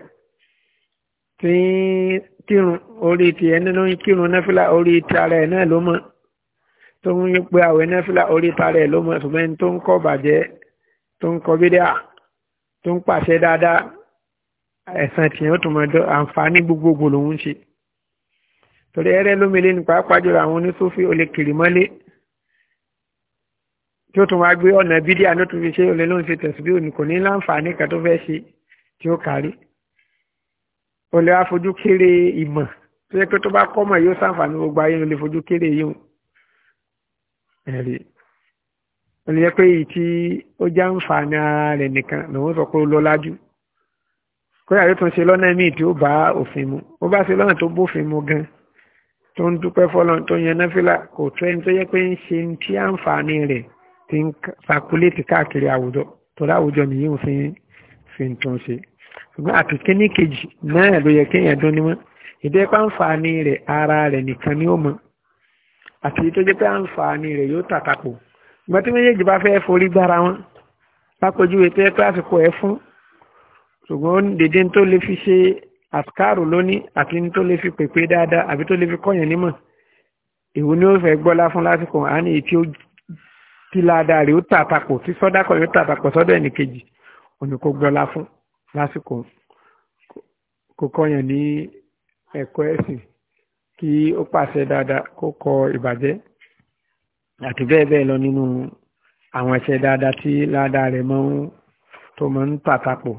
tí ń kírun orí ti ẹni ló ń kírun náfìlà orí ti ara ẹ̀ náà ló mọ̀ tó ń pe àwẹ̀ náfìlà orí ti ara ẹ̀ ló mọ̀ ṣùgbọ́n tó ń kọ́ bàjẹ́ tó ń kọ́ bídíà tó ń pàṣẹ dáadáa ẹ̀sán tìyàn ó tún mọ àǹfààní gbogbogbò lòún ṣe torí ẹrẹ́ lómele ní pàápàá jùlọ àwọn onísúfì olè kiri mọ́lé tí ó tún wá gbé ọ̀nà bídíà ló tún fi ṣe olè ló ń ṣe tẹ̀síbí òní kò ní láǹfààní kan tó fẹ́ ṣe tí ó kárí olè wá fojú kéré ìmọ̀ tó yẹ pé tó bá kọ́ mọ̀ yóò ṣàǹfààní gbogbo ayé ló fojú kéré yìí ẹ̀rí ẹni yẹ pé èyí tí ó já ń fa ní ara rẹ̀ nìkan lòun sọ pé ó lọ lájú kóyà yóò tún ṣe lọ́nà míì tí ó bá òfin mu ó bá ṣe lọ́nà tó bófin mu gan tó ń dúpẹ́ fọlọ́n tó yan náfìlà kò tó ẹni tó yẹ pé ń ṣe tí àǹfààní rẹ̀ ti ń sakuléètì káàkiri àwùjọ torí àwùjọ nìyí ò fi fi ń tún ṣe ṣùgbọ́n àti kíní kejì náà ló yẹ kéèyàn dún ní mọ́ ìdẹ́pẹ́ àǹfààní rẹ̀ ara rẹ̀ nìkan ni ó mọ àti tó pé àǹfààní rẹ̀ yóò tàkàpọ̀ ìgbà tí méjèèjì bá fẹ́ forí gbára wọn lápòjú ètò ẹ̀ kíláàsìkò ẹ̀ fún ṣùgbọ́n dèdè tó lè fi ṣe àtikárò lónìí àti tó lè fi pèpè dáadáa àbí tó lè fi kọ́yàn nímọ̀ èwo ni ó fẹ́ gbọ́lá fún lásìkò àní èyí tí ó tí ládàá rẹ̀ ó tàtàpọ̀ tí sọ́dákọ̀ rẹ̀ ó tàtàpọ̀ sọ́dọ̀ ẹnìkejì òní kò gbọ́lá fún lásìkò kò kọ́yàn ní ẹ̀kọ́ ẹ̀sìn kí ó pàṣẹ dáadáa kó kọ ìbàjẹ́ àti bẹ́ẹ̀ bẹ́ẹ̀ lọ nínú àwọn ẹ̀ṣẹ̀ dáadáa tí ládàá rẹ̀ mọ́ tó mọ́ ń tàtàpọ̀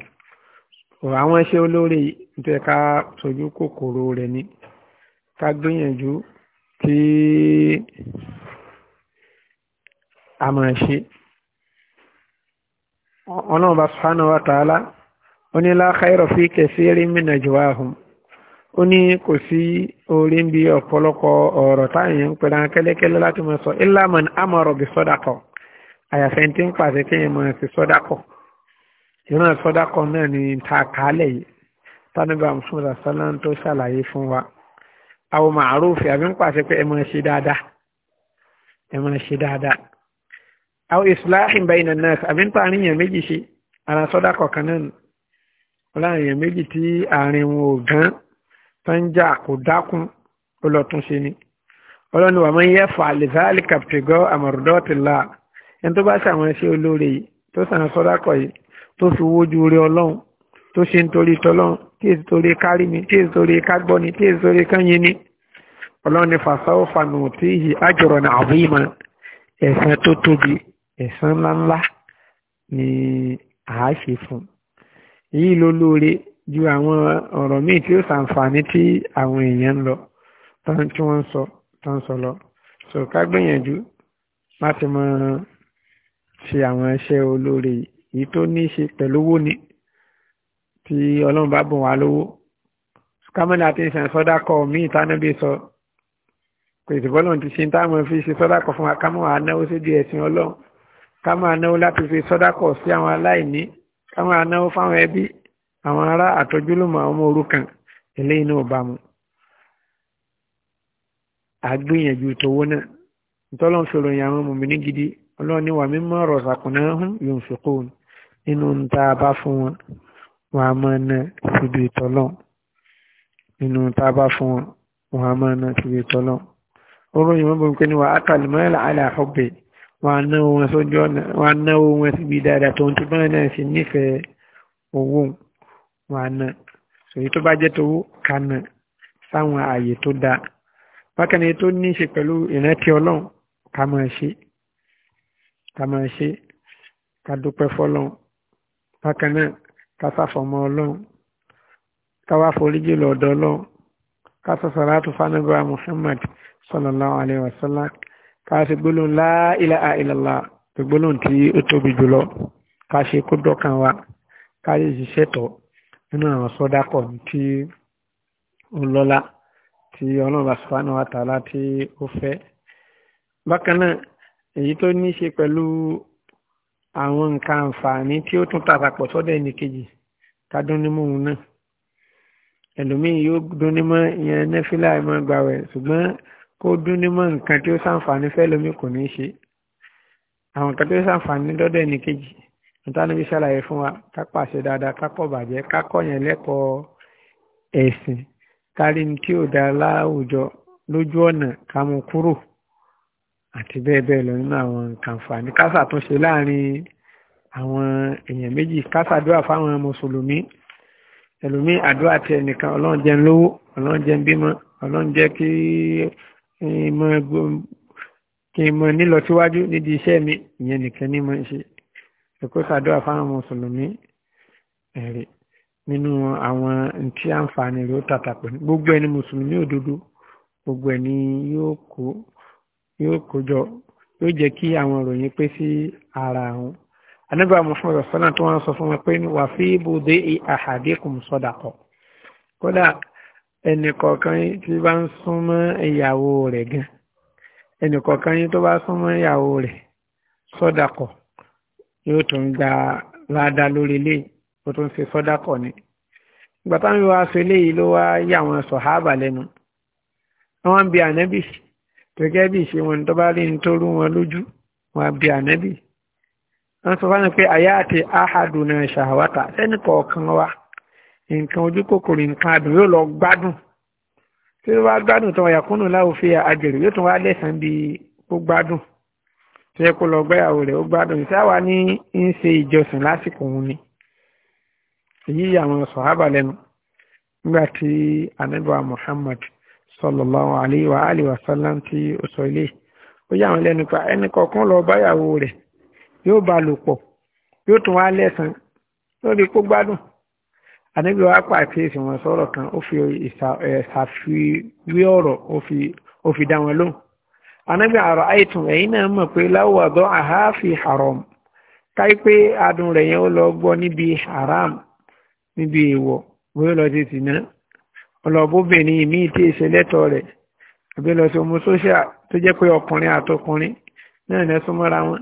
àwọn ẹ̀ṣẹ̀ olóore tó yẹ ká sojú kòkòrò rẹ̀ ni ká gbìyànjú kí a máa ṣe ọlọ́run bá subhanahu wa ta'ala ó ní la khayra fi kathirin min najwahum ó ní kò sí orí ń bí ọ̀pọ̀lọpọ̀ ọ̀rọ̀ táyìn ń pẹ̀lú akẹ́lẹ́kẹ́lẹ́ láti mọ̀ sọ ilaman amọ̀rọ̀ bí sọ́dàkọ̀ àyàfẹ́ tí ń pàṣẹ kí ẹ̀ máa sí sọ́dàkọ̀ ìran sọ́dàkọ̀ náà ni ta kálẹ̀ yìí tánúbà mùsùlùmí sọ́lá ń tó ṣàlàyé fún wa àwọn màárùfì àbí ń pàṣẹ pé ẹ máa ṣe dáadáa ẹ máa ṣe dáadáa àwọn islahin bayna nas àbí tó ń jà kò dákún ó lọ tún ṣe ni ọlọ́ni wàá máa ń yẹ fà lẹ́sàálì kàpìtìgọ́ àmọ̀rọ̀dọ́tìlá ẹni tó bá ṣàwọn iṣẹ́ olóore yìí tó sàn sọ́dákọ̀ yìí tó fi wójú rí ọlọ́run tó ṣe ń tọ́lọ́run tí èsì torí kárí mi tí èsì torí kágbọ́ ni tí èsì torí kányé ni ọlọ́run ni fàṣàwọ̀ fanù tí yìí ájọ̀rọ̀ ní àbúyìmọ̀ ẹ̀san tó tóbi ẹ̀san ńláńlá ni àá ju àwọn ọ̀rọ̀ míì tí ó ṣàǹfààní tí àwọn èèyàn ń lọ tí wọ́n ń sọ tó ń sọ lọ so ká gbìyànjú láti mọ ṣe àwọn iṣẹ́ olóore yìí tó ní í ṣe pẹ̀lú owó ni tí ọlọ́run bá bùn wá lówó kámẹ́lì àti ìsàn sọ́dákọ̀ mí ìtànàbí sọ pé ìtìbọ́lọ́run ti ṣe ń táwọn fi ṣe sọ́dákọ̀ fún wa ká mọ̀ ànáwó síbi ẹ̀sìn ọlọ́run ká mọ̀ ànáwó láti fi sọ́dákọ̀ sí àwọn aláìní ká mọ̀ ànáwó fáwọn ẹbí àwọn ará àtọ́júlùmọ̀ àwọn ọmọ òrukàn eléyìí náà bá mu àgbìyànjú tówó náà ntọ́lọ́n sọ̀rọ̀ yẹn àwọn mọ̀mí gidi ọlọ́run ní wà mí mọ́ ọ̀rọ̀ ṣàkùnrin yóò fi kó wọn nínú ń tá a bá fún wọn wọn a máa ná síbi ìtọ́lọ́n nínú ń tá a bá fún wọn wọn a máa ná síbi ìtọ́lọ́n oróyìn wọn bọ̀ pé ní wà á mọ́ ẹ̀là àlà àkọ́bẹ̀ wọn náwó wọn síbi dáadáa tó ń ti báyìí náà sì nífẹ̀ẹ́ owó wọn á nà sòyí tó bá jẹ́ tó ká nà sáwọn ààyè tó dáa bákan náà tó ní í ṣe pẹ̀lú ìrántí ọlọ́run ká máa ṣe ká máa ṣe ká dúpẹ́ fọlọ́run bákan náà ká sáfọmọ ọlọ́run ká wá foríjì lọ́dọ̀ ọlọ́run ká sọ sàlátù fánàbà Muhammad sallallahu alayhi wa sallam ká ṣe gbólóhùn la ilaha illallah gbólóhùn tí ó tóbi jùlọ ká ṣe kó dọ́kàn wa ká ṣe ṣiṣẹ́ tọ́ nínú àwọn sọ́dákọ̀ ní tí ó lọ́lá tí ọlọ́run subhanahu wa ta'ala tí ó fẹ́ bákan náà èyí tó ní ṣe pẹ̀lú àwọn nǹkan àǹfààní tí ó tún tàbàpọ̀ sọ́dọ̀ ẹnì kejì ká dún ní mòun náà ẹlòmíì yóò dún ní mọ́ ìyẹn nẹ́fílà ìmọ̀ gbàwẹ̀ ṣùgbọ́n kó dún nǹkan tí ó ṣàǹfààní fẹ́ lómi kò ní ṣe àwọn nǹkan tí ó ṣàǹfààní lọ́dọ̀ ẹnì kejì ìtànàbí ṣàlàyé fún wa ká pàṣẹ dáadáa ká kọ̀ bàjẹ́ ká kọ́ yẹn lẹ́kọ̀ọ́ ẹ̀sìn kárí ní tí ò dá láwùjọ lójú ọ̀nà ká mú kúrò àti bẹ́ẹ̀ bẹ́ẹ̀ lọ nínú àwọn kàǹfààní ká ṣàtúnṣe láàrin àwọn èèyàn méjì ká ṣàdúrà fáwọn mùsùlùmí ẹlòmí àdúrà tí ẹnìkan ọlọ́run jẹun lówó ọlọ́run jẹun bímọ ọlọ́run jẹ́ kí n mọ nílọ síwájú nídìí iṣẹ́ mi ìyẹn nìkan ní mọ̀ ṣe ìkó sàdúrà fáwọn mùsùlùmí ẹ̀rí nínú àwọn ntí àǹfààní rẹ̀ ó tàtà pẹ̀ gbogbo ẹni mùsùlùmí òdodo gbogbo ẹni yóò kó yóò kójọ yóò jẹ́ kí àwọn ìròyìn pé sí ara àwọn anábàá muhammed sọ́nà tó wọ́n sọ fún wọn pé wà fí ibùdó ahadikum sadaqa kódà ẹnì kọ̀ọ̀kan tí bá ń súnmọ́ ìyàwó rẹ̀ gan ẹnì kọ̀ọ̀kan yín tó bá súnmọ́ ìyàwó rẹ̀ sadaqa yóò tún gba láàdá lórí ilé ó tún ṣe sọ́dá kọ̀ ni ìgbà táwọn yóò wá ṣe eléyìí ló wá yí àwọn sọ̀háàbà lẹ́nu wọ́n ń bi ànẹ́bì gẹ́gẹ́ bí ìṣe wọn tó bá rí ní tó rú wọn lójú wọn bi ànẹ́bì wọ́n sọ fún mi pé àyà àti ahadu náà ṣàwátà sẹ́ni kọ̀ọ̀kan wa nǹkan ojú kòkòrò nǹkan adùn yóò lọ gbádùn tí ó wá gbádùn tó wà yàkúnnù láwùfẹ́ àjẹrò yóò tún wá lẹ́sàn bí ó gbádùn tó yẹ kó lọ gbéyàwó rẹ̀ ó gbádùn ìsáwà ní ń ṣe ìjọsìn lásìkò òun ni èyí àwọn sọ̀hábà lẹ́nu nígbà tí anábíwá Muhammad sallallahu alayhi wa alihi wa sallam tí ó sọ ilé ó yà wọn lẹ́nu pa ẹnì kọ̀ọ̀kan lọ báyàwó rẹ̀ yóò bá lò pọ̀ yóò tún wá lẹ́sàn lórí kó gbádùn anábíwá pàkíyèsí wọn sọ̀rọ̀ kan ó fi ìṣàfiwé ọ̀rọ̀ ó fi dá wọn lóhùn anábì àrọ̀ àìtùn ẹ̀yìn náà mọ̀ pé láwùwàdọ́ àháàfì haram káyí pé adùn rẹ̀ yẹn ó lọ gbọ́ níbi haram níbi èèwọ̀ bóyá lọ ti tì náà ọlọ́bóbìnrin ìmí tí èsè lẹ́tọ̀ rẹ̀ àbí lọ sí ọmọ sóṣà tó jẹ́ pé ọkùnrin àtọkùnrin náà ní ẹsùn mọ́ra wọn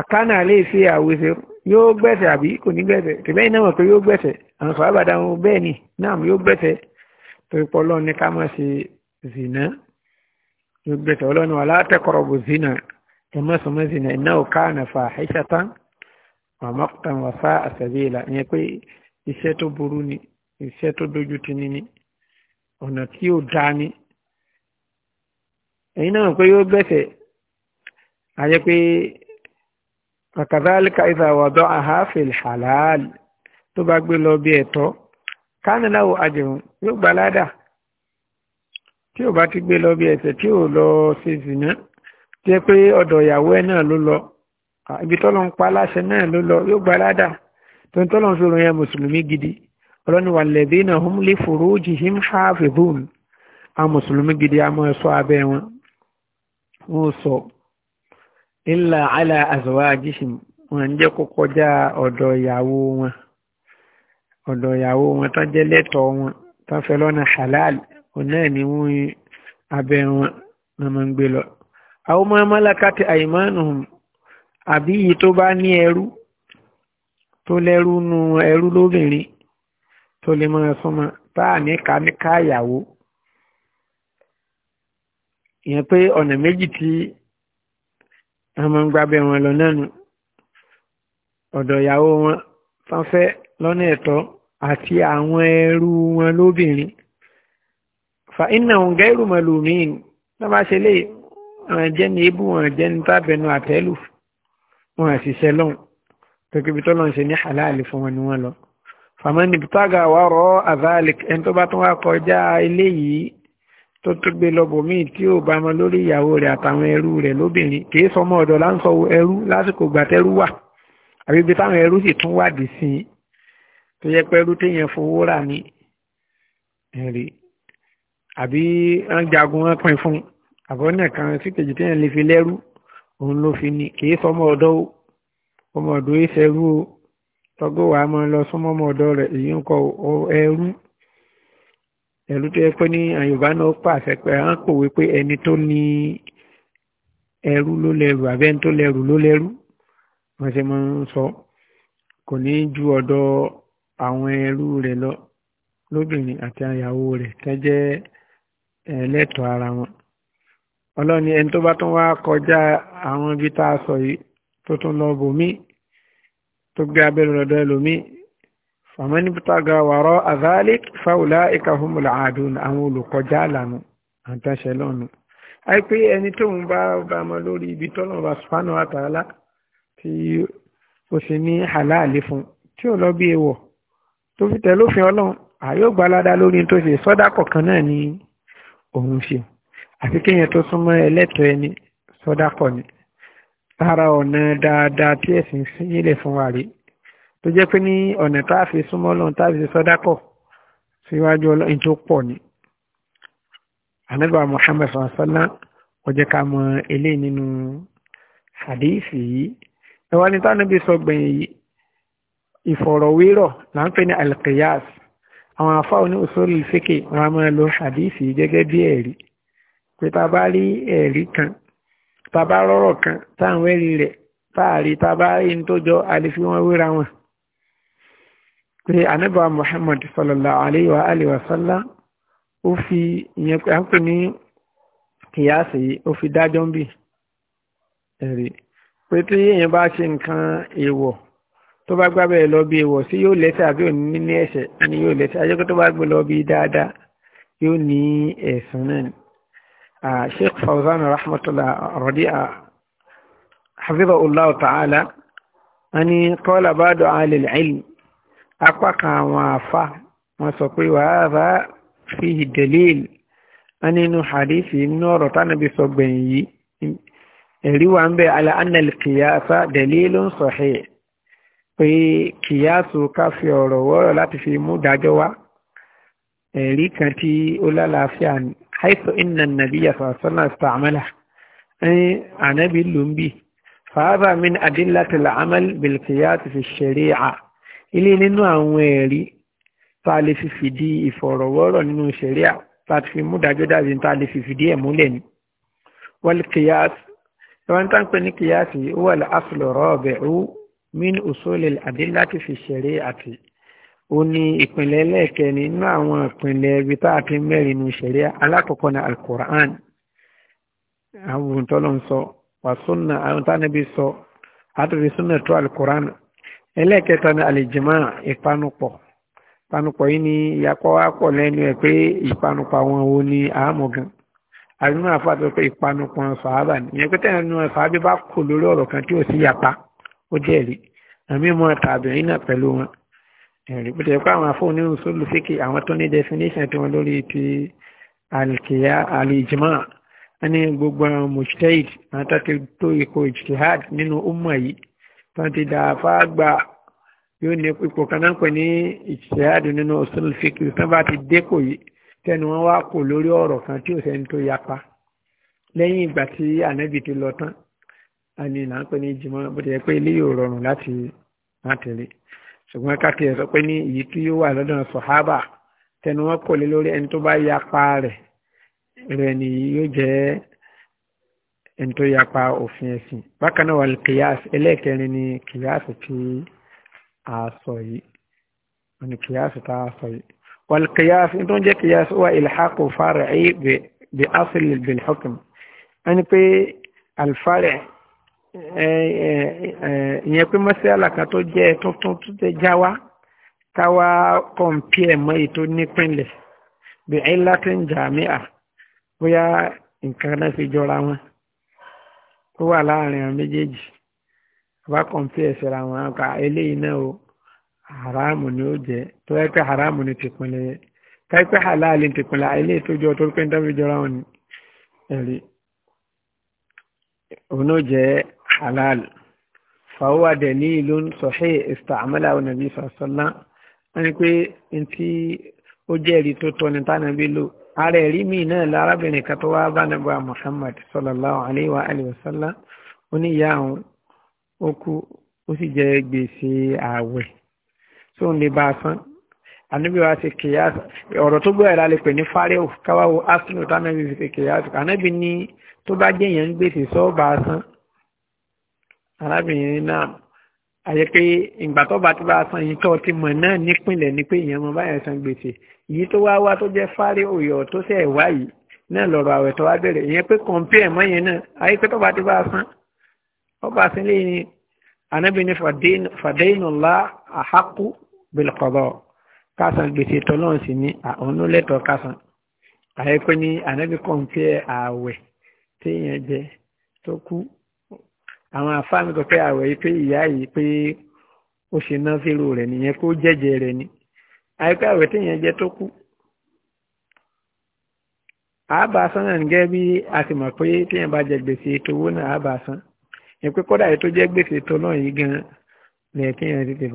àkánà lè fi àwòṣe yóò gbẹ̀sẹ̀ àbí kò ní gbẹ̀sẹ̀ tìbẹ́yìn náà mọ̀ pé yóò gbẹ̀sẹ̀ àwọn sọ̀rọ̀ àbàdàn bẹ́ẹ̀ ni náà yóò gbẹ̀sẹ̀ torí pọ̀ ní ká má ṣe zìnà gbẹ̀tọ̀ ọlọ́ni wà látẹ́kọ̀rọ̀ bù zina ẹmọ́sọmọ́ zina iná òká ànàfà àìṣàtà àmọ́kùtàn wà fá àṣàbíyèlà ìyẹn pé iṣẹ́ tó burú ni iṣẹ́ tó dojú ti ní ni ọ̀nà tí ó dá ní. ẹ̀yin náà pé yóò gbẹ̀sẹ̀ àyẹ pé àkàzálíkà ìfàwọ̀dọ́ àháfìl halal tó bá gbé lọ bí ẹ̀tọ́ kánìláwò àjẹun yóò gbaládàá tí ò bá ti gbé lọ bí ẹsẹ̀ tí ò lọ ṣe zìnà jẹ́ pé ọ̀dọ̀ ìyàwó ẹ̀ náà ló lọ ibi tọ́lọ̀ ń pa aláṣẹ náà ló lọ yóò gba ládà tó ń tọ́lọ̀ ń fi ròyìn mùsùlùmí gidi ọlọ́ni wà lẹ́bí náà hum li furujihim hafizun àwọn mùsùlùmí gidi a máa sọ abẹ́ wọn wọ́n sọ illa ala azwajihim wọn ń jẹ́ kó kọjá ọ̀dọ̀ ìyàwó wọn ọ̀dọ̀ ìyàwó wọn tán jẹ́ lẹ́tọ̀ọ́ wọn tán fẹ́ lọ́nà halal òun náà ni wọ́n abẹ́ wọn náà máa ń gbé lọ. àwọn máa málákàtì àìmánùhùn àbí iye tó bá ní ẹrú tó lẹ́rú nu ẹrú lóbìnrin tó lè máa súnmọ́ tá à ní ká ní ká ìyàwó ìyẹn pé ọ̀nà méjì tí wọ́n máa ń gbábẹ́ wọn lọ náà nù ọ̀dọ̀ ìyàwó wọn fánfẹ́ lọ́nà ẹ̀tọ́ àti àwọn ẹrú wọn lóbìnrin fa iná òun gẹ́rù mọ̀lùmíín tó bá ṣe lè wọn jẹ́ ní ebú wọn jẹ́ ní tábẹ̀nu àtẹ́lù wọn àṣìṣẹ́ lọ́hùn tó kíbi tó lọ́n ṣe ní halali fún wọn ni wọ́n lọ fàmọ́ni bìtága wà rọ́ azalik ẹni tó bá tún wá kọjá eléyìí tó tó gbé lọ́bọ̀míì tí ò bá mọ lórí ìyàwó rẹ̀ àtàwọn ẹrú rẹ̀ lóbìnrin kìí sọmọ ọ̀dọ̀ láǹsọ ẹrú lásìkò gbàtẹ́rú wà àbí táwọn ẹrú sì tún wádìí sí i tó yẹ pé téèyàn fowó rà ní ẹ̀rí àbí wọ́n jagun wọn pin fún àbọ̀ nìkan sí kejì téèyàn lè fi lẹ́rú òun ló fi ni kì í sọmọ ọ̀dọ́ o ọmọ ọ̀dọ́ yìí ṣẹrú o tọgbó wàá máa lọ súnmọ́ ọmọ ọ̀dọ́ rẹ̀ èyí ń kọ ẹrú ẹrú tó yẹ pé ní àyùbá náà pàṣẹ pé à ń pòwe pé ẹni tó ní ẹrú ló lẹ́rú àbẹ́ni tó lẹ́rú ló lẹ́rú wọ́n ṣe máa ń sọ kò ní ju ọ̀dọ̀ àwọn ẹrú rẹ̀ lọ lóbìnrin àti àyàwó rẹ̀ tẹ́jẹ́ ẹlẹ́tọ̀ọ́ ara wọn ọlọ́ni ẹni tó bá tún wá kọjá àwọn ibi tá a sọ yìí tó tún lọ bòmí tó gbé abẹ́rẹ́ lọ́dọ̀ ẹlòmí fàmọ́ni bùtàgà wàrọ́ àzáálì fáwùlá ìkàhùnmùlà àdùn àwọn olùkọjá àlànà àtàṣẹ lọ́nu àìpé ẹni tóun bá bá mọ lórí ibi tọ́lọ́ bá sùpánù àtàlá tí ó sì ní àláàlì fún tí ò lọ bí ewọ̀ tó fi tẹ̀ lófin ọlọ́run àyógbálada lórí tó ṣe sọ́dá kọ̀ọ̀kan náà ni òun ṣe àti kéèyàn tó súnmọ́ ẹlẹ́tọ̀ọ́ ẹni sọ́dápọ̀ ni lára ọ̀nà dáadáa tí ẹ̀sìn sílẹ̀ fún wa rèé tó jẹ́ pé ní ọ̀nà tá a fi súnmọ́ lọ́n tá a fi sọ́dápọ̀ síwájú ọlọ́yin tó pọ̀ ni anábà Muhammad sọ̀nsọ́lá ó jẹ́ ká mọ eléyìí nínú hadithi yìí ẹ̀wọ́n ní tánàbí sọ gbẹ̀yìn yìí ìfọ̀rọ̀wérọ̀ là ń pè ní alqiyas àwọn afá oní òṣòlù fèkè wọn a máa lo hadithi gẹ́gẹ́ bí ẹ̀rí pé tá a bá rí ẹ̀rí kan tá a bá rọ́rọ̀ kan tá à ń wẹ́rí rẹ̀ tá a bá rí ní tó jọ a lè wéra wọn. pé anábàá Muhammad sallallahu alayhi wa alayhi wa sallam ó fi ìyẹn pé à ń pè ní kìyàsí ó fi dájọ́ ń bì ẹ̀rí pé tí èèyàn bá ṣe nǹkan èèwọ̀ tó bá gbá bẹ̀rẹ̀ lọ bí ewọ̀ sí yóò lẹ́sẹ̀ àbí òní ní ẹ̀ṣẹ̀ ni yóò lẹ́sẹ̀ ajẹ́kọ́ tó bá gbé lọ bí dáadáa yóò ní ẹ̀sùn náà Sheikh Fawzan rahmatullah rọ̀dí hafiza allah ta'ala wọ́n ní qala ba'du alil ilm apá kan àwọn àfa wọ́n sọ pé wa hadha fihi dalil wọ́n ní inú hadithi inú ọ̀rọ̀ tánàbí sọ gbẹ̀yìn yìí ẹ̀rí wa ń bẹ ala anna al qiyasa dalilun sahih pé kìyàtò ká fi ọ̀rọ̀ wọ́rọ̀ láti fi mú dájọ́ wá ẹ̀rí kan tí ó lálàáfíà ní àìsọ iná nàbí yàtọ̀sọ́nà sàmàlà ní ànábì lùmbì fàábà min adílátìlá amal bilkiyàtò fi ṣeré à ilé nínú àwọn ẹ̀rí tá lè fi fìdí ìfọ̀rọ̀wọ́rọ̀ nínú ṣeré à láti fi mú dájọ́ dájú tá lè fi fìdí ẹ̀ múlẹ̀ ní wọ́n kìyàtò ìwọ̀n tán pé ní kìyàtò ó wà láàfin lọ́rọ̀ ọ̀bẹ̀ min usulil adillati fi shari'ati ó ní ìpínlẹ̀ ẹlẹ́ẹ̀kẹ́ nínú àwọn ìpínlẹ̀ ibi tá a ti mẹ́rin nu sharia alákọ̀ọ́kọ́ ní al-Qur'an àwọn òǹtọ́lọ́ ń sọ wà sunna àwọn tánàbí sọ àtúntò sunna tó al-Qur'an ẹlẹ́ẹ̀kẹta ní al-ijma ìpanupọ̀ ìpanupọ̀ yìí ni wa pọ̀ lẹ́nu ẹ̀ pé ìpanupọ̀ àwọn wo ni àámọ̀ gan àrùn àfàtọ́ pé ìpanupọ̀ sàábà ni ìyẹn pé tẹ̀yìn nínú sàábà bá kò lórí ọ̀rọ̀ kan tí ò sí yapa ó jẹ́ ẹ̀rí àmì mọ́ tàbírin náà pẹ̀lú wọn ẹ̀rí bó ti ẹ̀kọ́ àwọn afọ́ọ̀nì òṣòlù fíkì àwọn tó ní definition tí wọ́n lórí ti alkiya alijima ẹni gbogbo àwọn mujtahid àwọn tó ti tó ipò ijtihad nínú umma yìí tó ti dà fáàgbà yóò ní ipò kan náà pè ní ijtihad nínú òṣòlù fíkì tó bá ti dépò yìí tẹnu wọn wá kò lórí ọ̀rọ̀ kan tí ò sẹ́ni tó yapa lẹ́yìn ìgbà tí ànábì ti lọ tán àní là ń pè ní ìjìmọ́ bó ti yẹ pé ilé yóò rọrùn láti má tẹ̀lé ṣùgbọ́n káàkiri ẹ̀ sọ pé ní èyí tí yóò wà lọ́dọ̀ sọ̀hábà tẹnu wọn kò lé lórí ẹni tó bá yapa rẹ̀ rẹ̀ ni yóò jẹ́ ẹni tó yapa òfin ẹ̀sìn bákan náà wà ní kìyàsì ẹlẹ́ẹ̀kẹrin ni kìyàsì tí a sọ yìí wọn kìyàsì tá a sọ yìí wà ní kìyàsì tó ń jẹ́ kìyàsì wà ìlhàkù fara ẹ̀yí bí asìlì bìlhọ́kìm ẹni pé alfàrẹ̀ ìyẹn pé mọ́sálà kan tó jẹ́ tuntun tó tẹ já wá káwá kọ̀ǹpìẹ̀ mọ́ tó nípìnlẹ̀ bí latin jamia bóyá nǹkan náà fi jọra wọn ó wà láàrin àwọn méjèèjì bá kọ̀ǹpìẹ̀ síra wọn ká eléyìí náà o haramu ni ó jẹ tó yẹ pé haramu ni halal fàwọ́ dẹ̀lí ló ń sọ̀hẹ́ ìsàmọ́lá ònàbí sọ̀sọ́lá wọ́n ní pé n tí ó jẹ́rìí tó tọ́ni tánàbí lò ara ẹ̀rí míì náà lárábìnrin kan tó wá bá nàbà Muhammad sallallahu alayhi wa alihi wa sallam ó ní ìyá àwọn ó kú ó sì jẹ gbèsè ààwẹ̀ tó ń lè bá a san ànábì wa ti kìyàsì ọ̀rọ̀ tó gbọ́ ẹ̀rá lè pè ní fáréwò káwáwo asinu tánàbí fi kìyàsì ànábì ní tó bá jẹ́ yẹn ń gbèsè sọ́ọ̀bà san arábìnrin náà àyẹ pé ìgbà tó bá ti bá san yìí tó ti mọ̀ náà nípìnlẹ̀ ni pé ìyẹn mo báyẹn san gbèsè yìí tó wá wá tó jẹ́ fárí òyò tó ṣẹ̀ wá yìí náà lọ́rọ̀ àwẹ̀ tó wá bẹ̀rẹ̀ ìyẹn pé kọ̀ǹpìẹ̀ mọ́ yẹn náà àyẹ pé tó bá ti bá san ó bá sin lé ní anábìnrin fàdéyìn ńlá àhákù bìlìkọ̀bọ̀ kásan gbèsè tọ́lọ́run sì ní àwọn olólẹ́tọ̀ kásan àyẹ pé ní anábì kọ̀ǹpìẹ̀ àwẹ̀ àwọn àfáàmì tó pé àwẹ̀ yìí pé ìyá yìí pé ó ṣe ná zero rẹ̀ nìyẹn kó jẹ́jẹ́ rẹ̀ ni àìpé àwẹ̀ téèyàn jẹ́ tó kú àbá náà gẹ́gẹ́ bí a sì mọ̀ pé téèyàn bá jẹ gbèsè tówó náà àbá san kódà èyí tó jẹ́ gbèsè tó náà yìí gan-an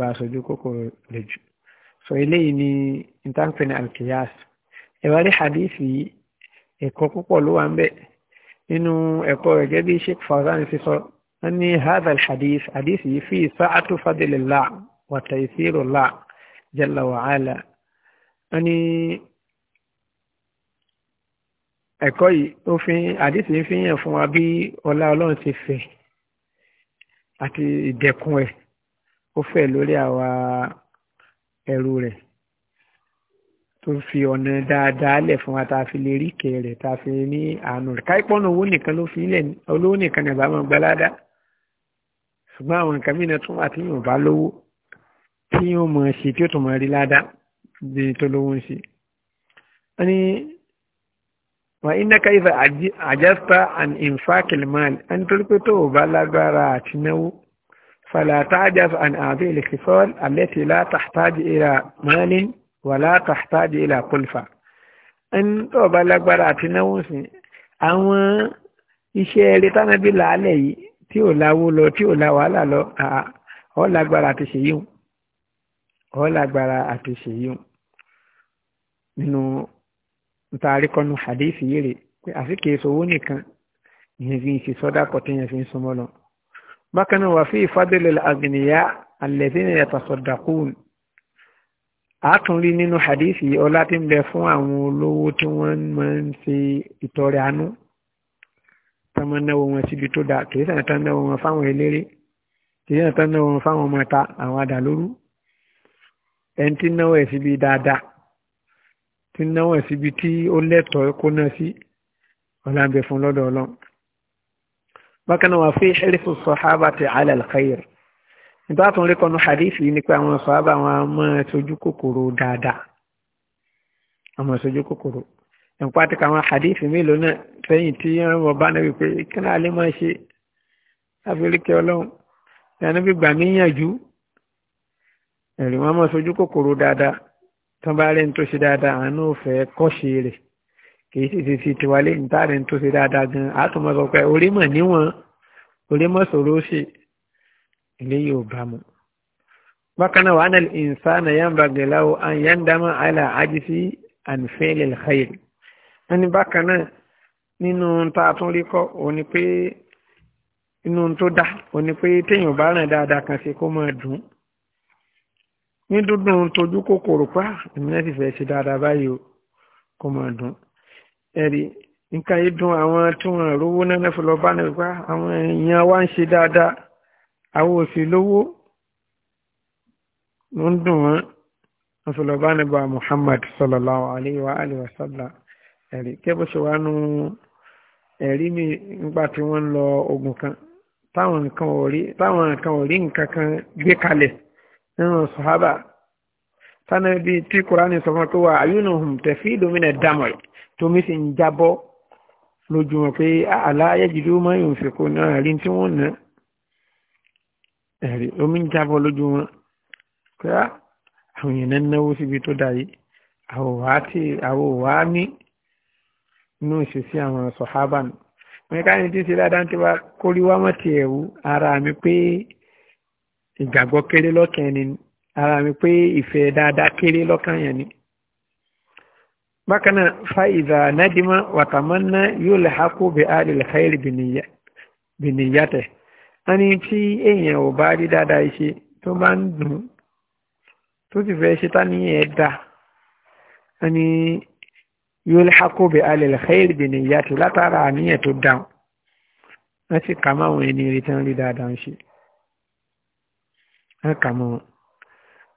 bá aṣojú rẹ̀ jù sọ eléyìí ni intanpin alkiyas yìí ẹ̀kọ́ púpọ̀ ló wà ń bẹ̀ nínú ẹ̀kọ́ rẹ̀ gẹ́gẹ́ bí Sheikh Fawzan ti sọ أني هذا الحديث حديث فيه سعة فضل الله وتيسير الله جل وعلا أني ẹ̀kọ́ yìí ó fi àdìsí fi hàn fún wa bí ọlá ọlọ́run ti fẹ̀ àti ìdẹ̀kùn ẹ̀ ó fẹ̀ lórí àwa ẹrú rẹ̀ tó fi ọ̀nà dáadáa lẹ̀ fún wa tá a fi lè rí ìkẹ́ rẹ̀ tá a fi ní àánú rẹ̀ káìpọ́nù owó nìkan ló fi ilẹ̀ olówó nìkan ní àbámọ̀ gbalada ṣùgbọ́n àwọn nǹkan mìíràn tún wà tí yóò bá lówó tí yóò mọ̀ ṣe tí ó tún mọ̀ rí ládá bí tó lówó ń ṣe. a ní wà innaka idha ajasta an infaqil mal a ní torí pé tó o bá lágbára àti náwó fala ta'jaz an hadhihi al-khisal allati la tahtaju ila malin wa la tó bá lágbára àti náwó sí àwọn iṣẹ́ eré tánábìlà alẹ́ yìí tí ò láwó lọ tí ò la wàhálà lọ ọ lágbára àti ṣèyí hùn ọ lágbára àti ṣèyí hùn nínú ntaari kọ́nu hadith yìí rè pé àfi kìí sowó nìkan ìyẹn fi ń ṣe sọ́dá kọ́ tí ìyẹn fi ń súnmọ́ lọ. bákan náà wà fi ìfádẹ́lẹ̀ àgbìnìyà alladhina yatasaddaqun àtúnrí nínú hadith yìí ọlá tí ń bẹ fún àwọn olówó tí wọ́n máa ń ṣe ìtọrẹ àánú tán máa náwó wọn síbi tó dáa kìí sàn tán náwó wọn fáwọn eléré kìí sàn tán náwó wọn fáwọn ọmọ ta àwọn àdàlóru ẹni tí náwó ẹ̀ síbi dáadáa tí náwó ẹ̀ síbi tí ó lẹ́tọ̀ọ́ kó náà sí ọ̀làǹbẹ̀ fún lọ́dọ̀ ọlọ́run. bákan náà wà fún ìṣẹ́lẹ̀fù sọ̀hábà ti ala al-khair nígbà tó ń rí kọ́nu hadith yìí ni pé àwọn sọ̀hábà wọn máa sojú kòkòrò dáadáa àwọn sojú kòkòrò nípa ti kàwọn hadith mélòó náà sẹ́yìn tí wọ́n mọ̀ bá náà pé kí náà lè máa ṣe láfíríkẹ́ ọlọ́run ìyànà bí gbà níyànjú ẹ̀rì wọn mọ̀ sójú kòkòrò dáadáa tó bá rẹ̀ ń tó ṣe dáadáa àánú òfẹ́ kọ́ṣe rẹ̀ kì í sì ti fi tiwa lé níta rẹ̀ ń tó ṣe dáadáa gan àtúmọ̀ sọ pé orí mọ̀ níwọ̀n orí mọ̀ sòrò ṣe eléyìí ò bá mu. bákan náà wàhánà ìnsánà yàǹbà gẹ̀láwó àyàǹdámà àlà àjísí àǹfẹ́lẹ̀ khayr ẹni bákan náà nínú tá a tún rí kọ́ òun ni pé inú tó dá òun ni pé téèyàn bá rìn dáadáa kan ṣe kó máa dùn ní dúndùn tójú kòkòrò pa ah, èmi náà sì fẹ́ ṣe dáadáa báyìí o kó máa dùn ẹ̀rí nǹkan yìí dùn àwọn tí wọ́n rówó náà fi lọ bá náà pa ah, àwọn èèyàn wa ń ṣe dáadáa àwọn òsì lówó ló ń dùn wọ́n wọ́n fi lọ bá náà bá Muhammad sallallahu alayhi wa alihi wa sallam ẹ̀rí kẹ́bó ṣe wá nu ẹ̀rí mi nígbà tí wọ́n ń lọ ogun kan táwọn nǹkan ò rí táwọn nǹkan ò rí nǹkan kan gbé kalẹ̀ nínú sàhábà tánà bí tí kúránì sọ fún wa pé wà àyùnà hùm tẹ̀fí domina dámọ̀ tómi sì ń jábọ́ lójú wọn pé àlàyé jìdí ó máa ń fi kó náà rí tí wọ́n ná ẹ̀rí omi ń jábọ́ lójú pé àwọn èèyàn náwó síbi tó dà yìí àwọn òwá ní inú ìṣesí àwọn sọ̀hábà nù wọn ká ní tí ń ṣe dáadáa ti wá kórí wá mọ́ ti ẹ̀wú ara mi pé ìgbàgbọ́ kéré lọ́kàn ẹni ara mi pé ìfẹ́ dáadáa kéré lọ́kàn yẹn ni. bákan náà fàìzà nádìmá wàtàmánà yóò lè hákó bẹ àlè lẹ́kàìrì bìnìyàtẹ̀ wọn ní tí èèyàn ò bá rí dáadáa ṣe tó bá ń dùn tó sì fẹ́ ṣe tá níyẹn dáa wọn ní yulhaqu bi alil khair bi niyyati látara àníyàn tó dáhùn wọ́n sì kà máa wọn ẹni rí tí wọ́n rí dáadáa ń ṣe wọ́n kà mọ́ wọn.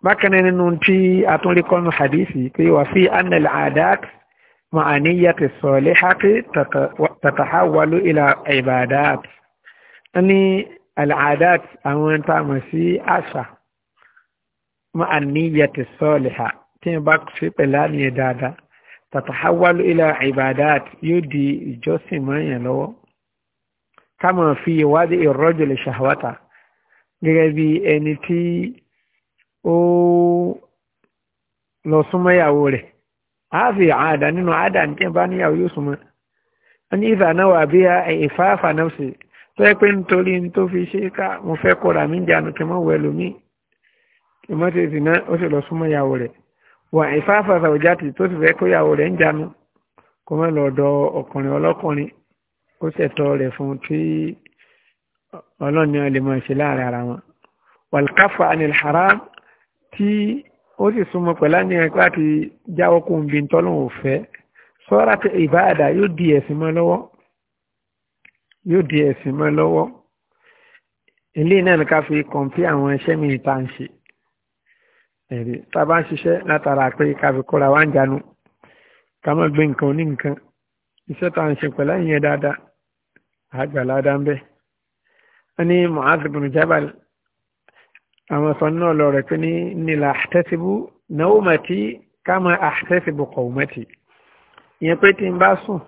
bákan náà nínú tí atúndíkọ́nù hadithi pé wà sí anil adat ma'a niyyati salihati tatahawalu ila ibadat wọ́n al'adat àwọn tá mọ̀ sí àṣà ma'a niyyati salihati tí wọ́n bá ṣe pẹ̀lú àníyàn dáadáa tàtàháwálú ilà ibadat yóò di ìjọsìn mọ́yàn lọ́wọ́ kámọ̀ fi ìwádìí ìrọ́jòlè ṣàwátà gẹ́gẹ́ bí ẹni tí ó lọ súnmọ́ ìyàwó rẹ̀ ààfì àádà nínú àádà ní bá níyàwó yóò súnmọ́ ní ìfà náà wà bí ìfáàfà náà sí tó yẹ pé nítorí tó fi ṣe ká mo fẹ́ kóra mi jánu kí mọ́ wẹ̀ lómi kí mọ́ tètè náà ó sì lọ súnmọ́ rẹ̀ wà ìfáfà sàwùjáàtì tó sì fẹ́ kóyàwó rẹ̀ ń jánu kó má lọ dọ ọkùnrin ọlọ́kùnrin kó ṣẹ̀tọ́ rẹ̀ fún tí ọlọ́ni lè mọ̀ ṣe láàrin ara wọn wàlùkáfà anil haram tí ó sì súnmọ́ pẹ̀lá ní ẹgbẹ́ àti jáwọ́ kó ń bi ń tọ́lọ́hùn òfẹ́ sọ́ra tí ìbáàdà yóò di ẹ̀sìn mọ́ lọ́wọ́ yóò di ẹ̀sìn mọ́ lọ́wọ́ ilé náà ni ká fi kọ̀ǹpí àwọn iṣẹ́ mi ìta ń ṣe ẹ̀rí tá a bá ń ṣiṣẹ́ látara pé ká kóra wá ń janu ká má gbé nǹkan oní nǹkan iṣẹ́ tá à ń ṣe pẹ̀lú ìyẹn dáadáa àgbà ládàá ń bẹ́ wọ́n ní Mu'adh ibn Jabal àwọn sọ náà lọ rẹ̀ pé ní nílà àtẹ́síbú nawmati kama àtẹ́síbú qawmati ìyẹn pé tí n bá sùn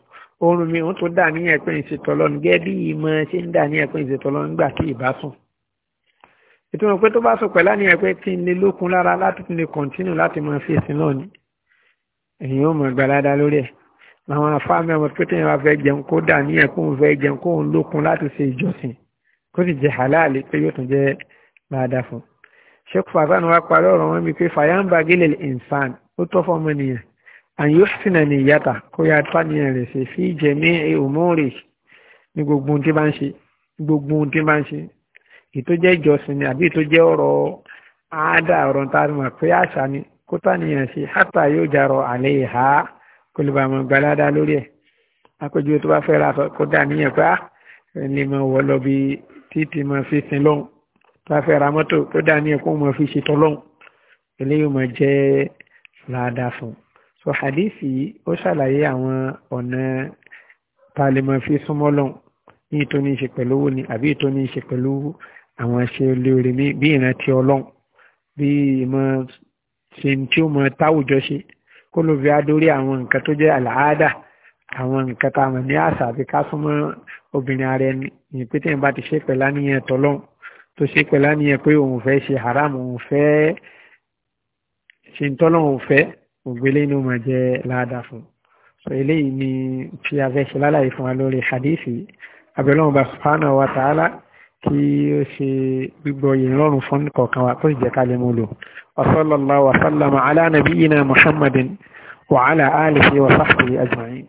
oorun mi òun tó dà ní ẹ̀pẹ́ ìṣètọ́lọ́nù gẹ́gẹ́ bí ìmọ̀ ṣe ń dà ní ẹ̀pẹ́ ìṣètọ́lọ́nù nígbà tí ì bá sùn ìtumọ̀ pé tó bá sọ pẹ̀lá ní ẹgbẹ́ tí ń lè lókun lára láti tún lè kọ̀ntínù láti máa fi ìsìn náà ni èyí ó mọ̀ gbalada lórí ẹ̀ làwọn afáàmì ọmọ pé téèyàn bá fẹ́ jẹun kó dà ní ẹ̀kún fẹ́ jẹun kó ń lókun láti ṣe ìjọsìn kó sì jẹ halal pé yóò tún jẹ dáadáa fún un. sheikh fasan wa parí ọ̀rọ̀ wọn bíi pé fayamba gilel insan ó tọ́ fọmọ nìyẹn àyè ó sì ètò jẹ́ ìjọsìn ni àbí ètò jẹ́ ọ̀rọ̀ àádá ọ̀rọ̀ tá a mọ̀ pé àṣà ni kó tànìyàn sí hátà yóò jarọ àlẹ́ ìhá kó lè bá wọn gbalada lórí ẹ̀ àpèjúwe tó bá fẹ́ ra kó dà níyàn pé á lè mọ wọ lọ bí títí mọ fi sin lọ́hùn tó bá fẹ́ ra mọ́tò tó dà níyàn kó mọ fi ṣètò lọ́hùn eléyìí mọ jẹ́ láàdá fún so hadisi ó ṣàlàyé àwọn ọ̀nà tá a lè mọ fi súnmọ́ lọ́hùn ní ìtò ní pẹ̀lú owó ni àbí ìtò ní pẹ̀lú àwọn ẹṣẹ olóore mi bí ìrántí ọlọ́run bí ìmọ̀ ṣe tí ó mọ táwùjọ ṣe kó ló fi adórí àwọn nǹkan tó jẹ́ àlàáda àwọn nǹkan tá a mọ̀ ní àṣà àti ká súnmọ́ obìnrin ara ẹni ní pété ìbá ti ṣe pẹ̀lá níyẹn tọ́lọ́run tó ṣe pẹ̀lá níyẹn pé òun fẹ́ ṣe haram òun fẹ́ ṣe ń tọ́lọ́run òun fẹ́ ògbélé inú mọ̀ jẹ́ láàdáa fún un so eléyìí ni tí a fẹ́ ṣe lálàyé fún wa lórí hadisi abẹ́lọ́mọba subhanahu wa ta'ala kí ó ṣe gbígbọ́ yìí rọrùn fún kọ̀ọ̀kan wa kó sì jẹ́ ká lè mú lò wasallallahu wasallama ala nabiyina muhammadin wa ala alihi wa sahbihi ajma'in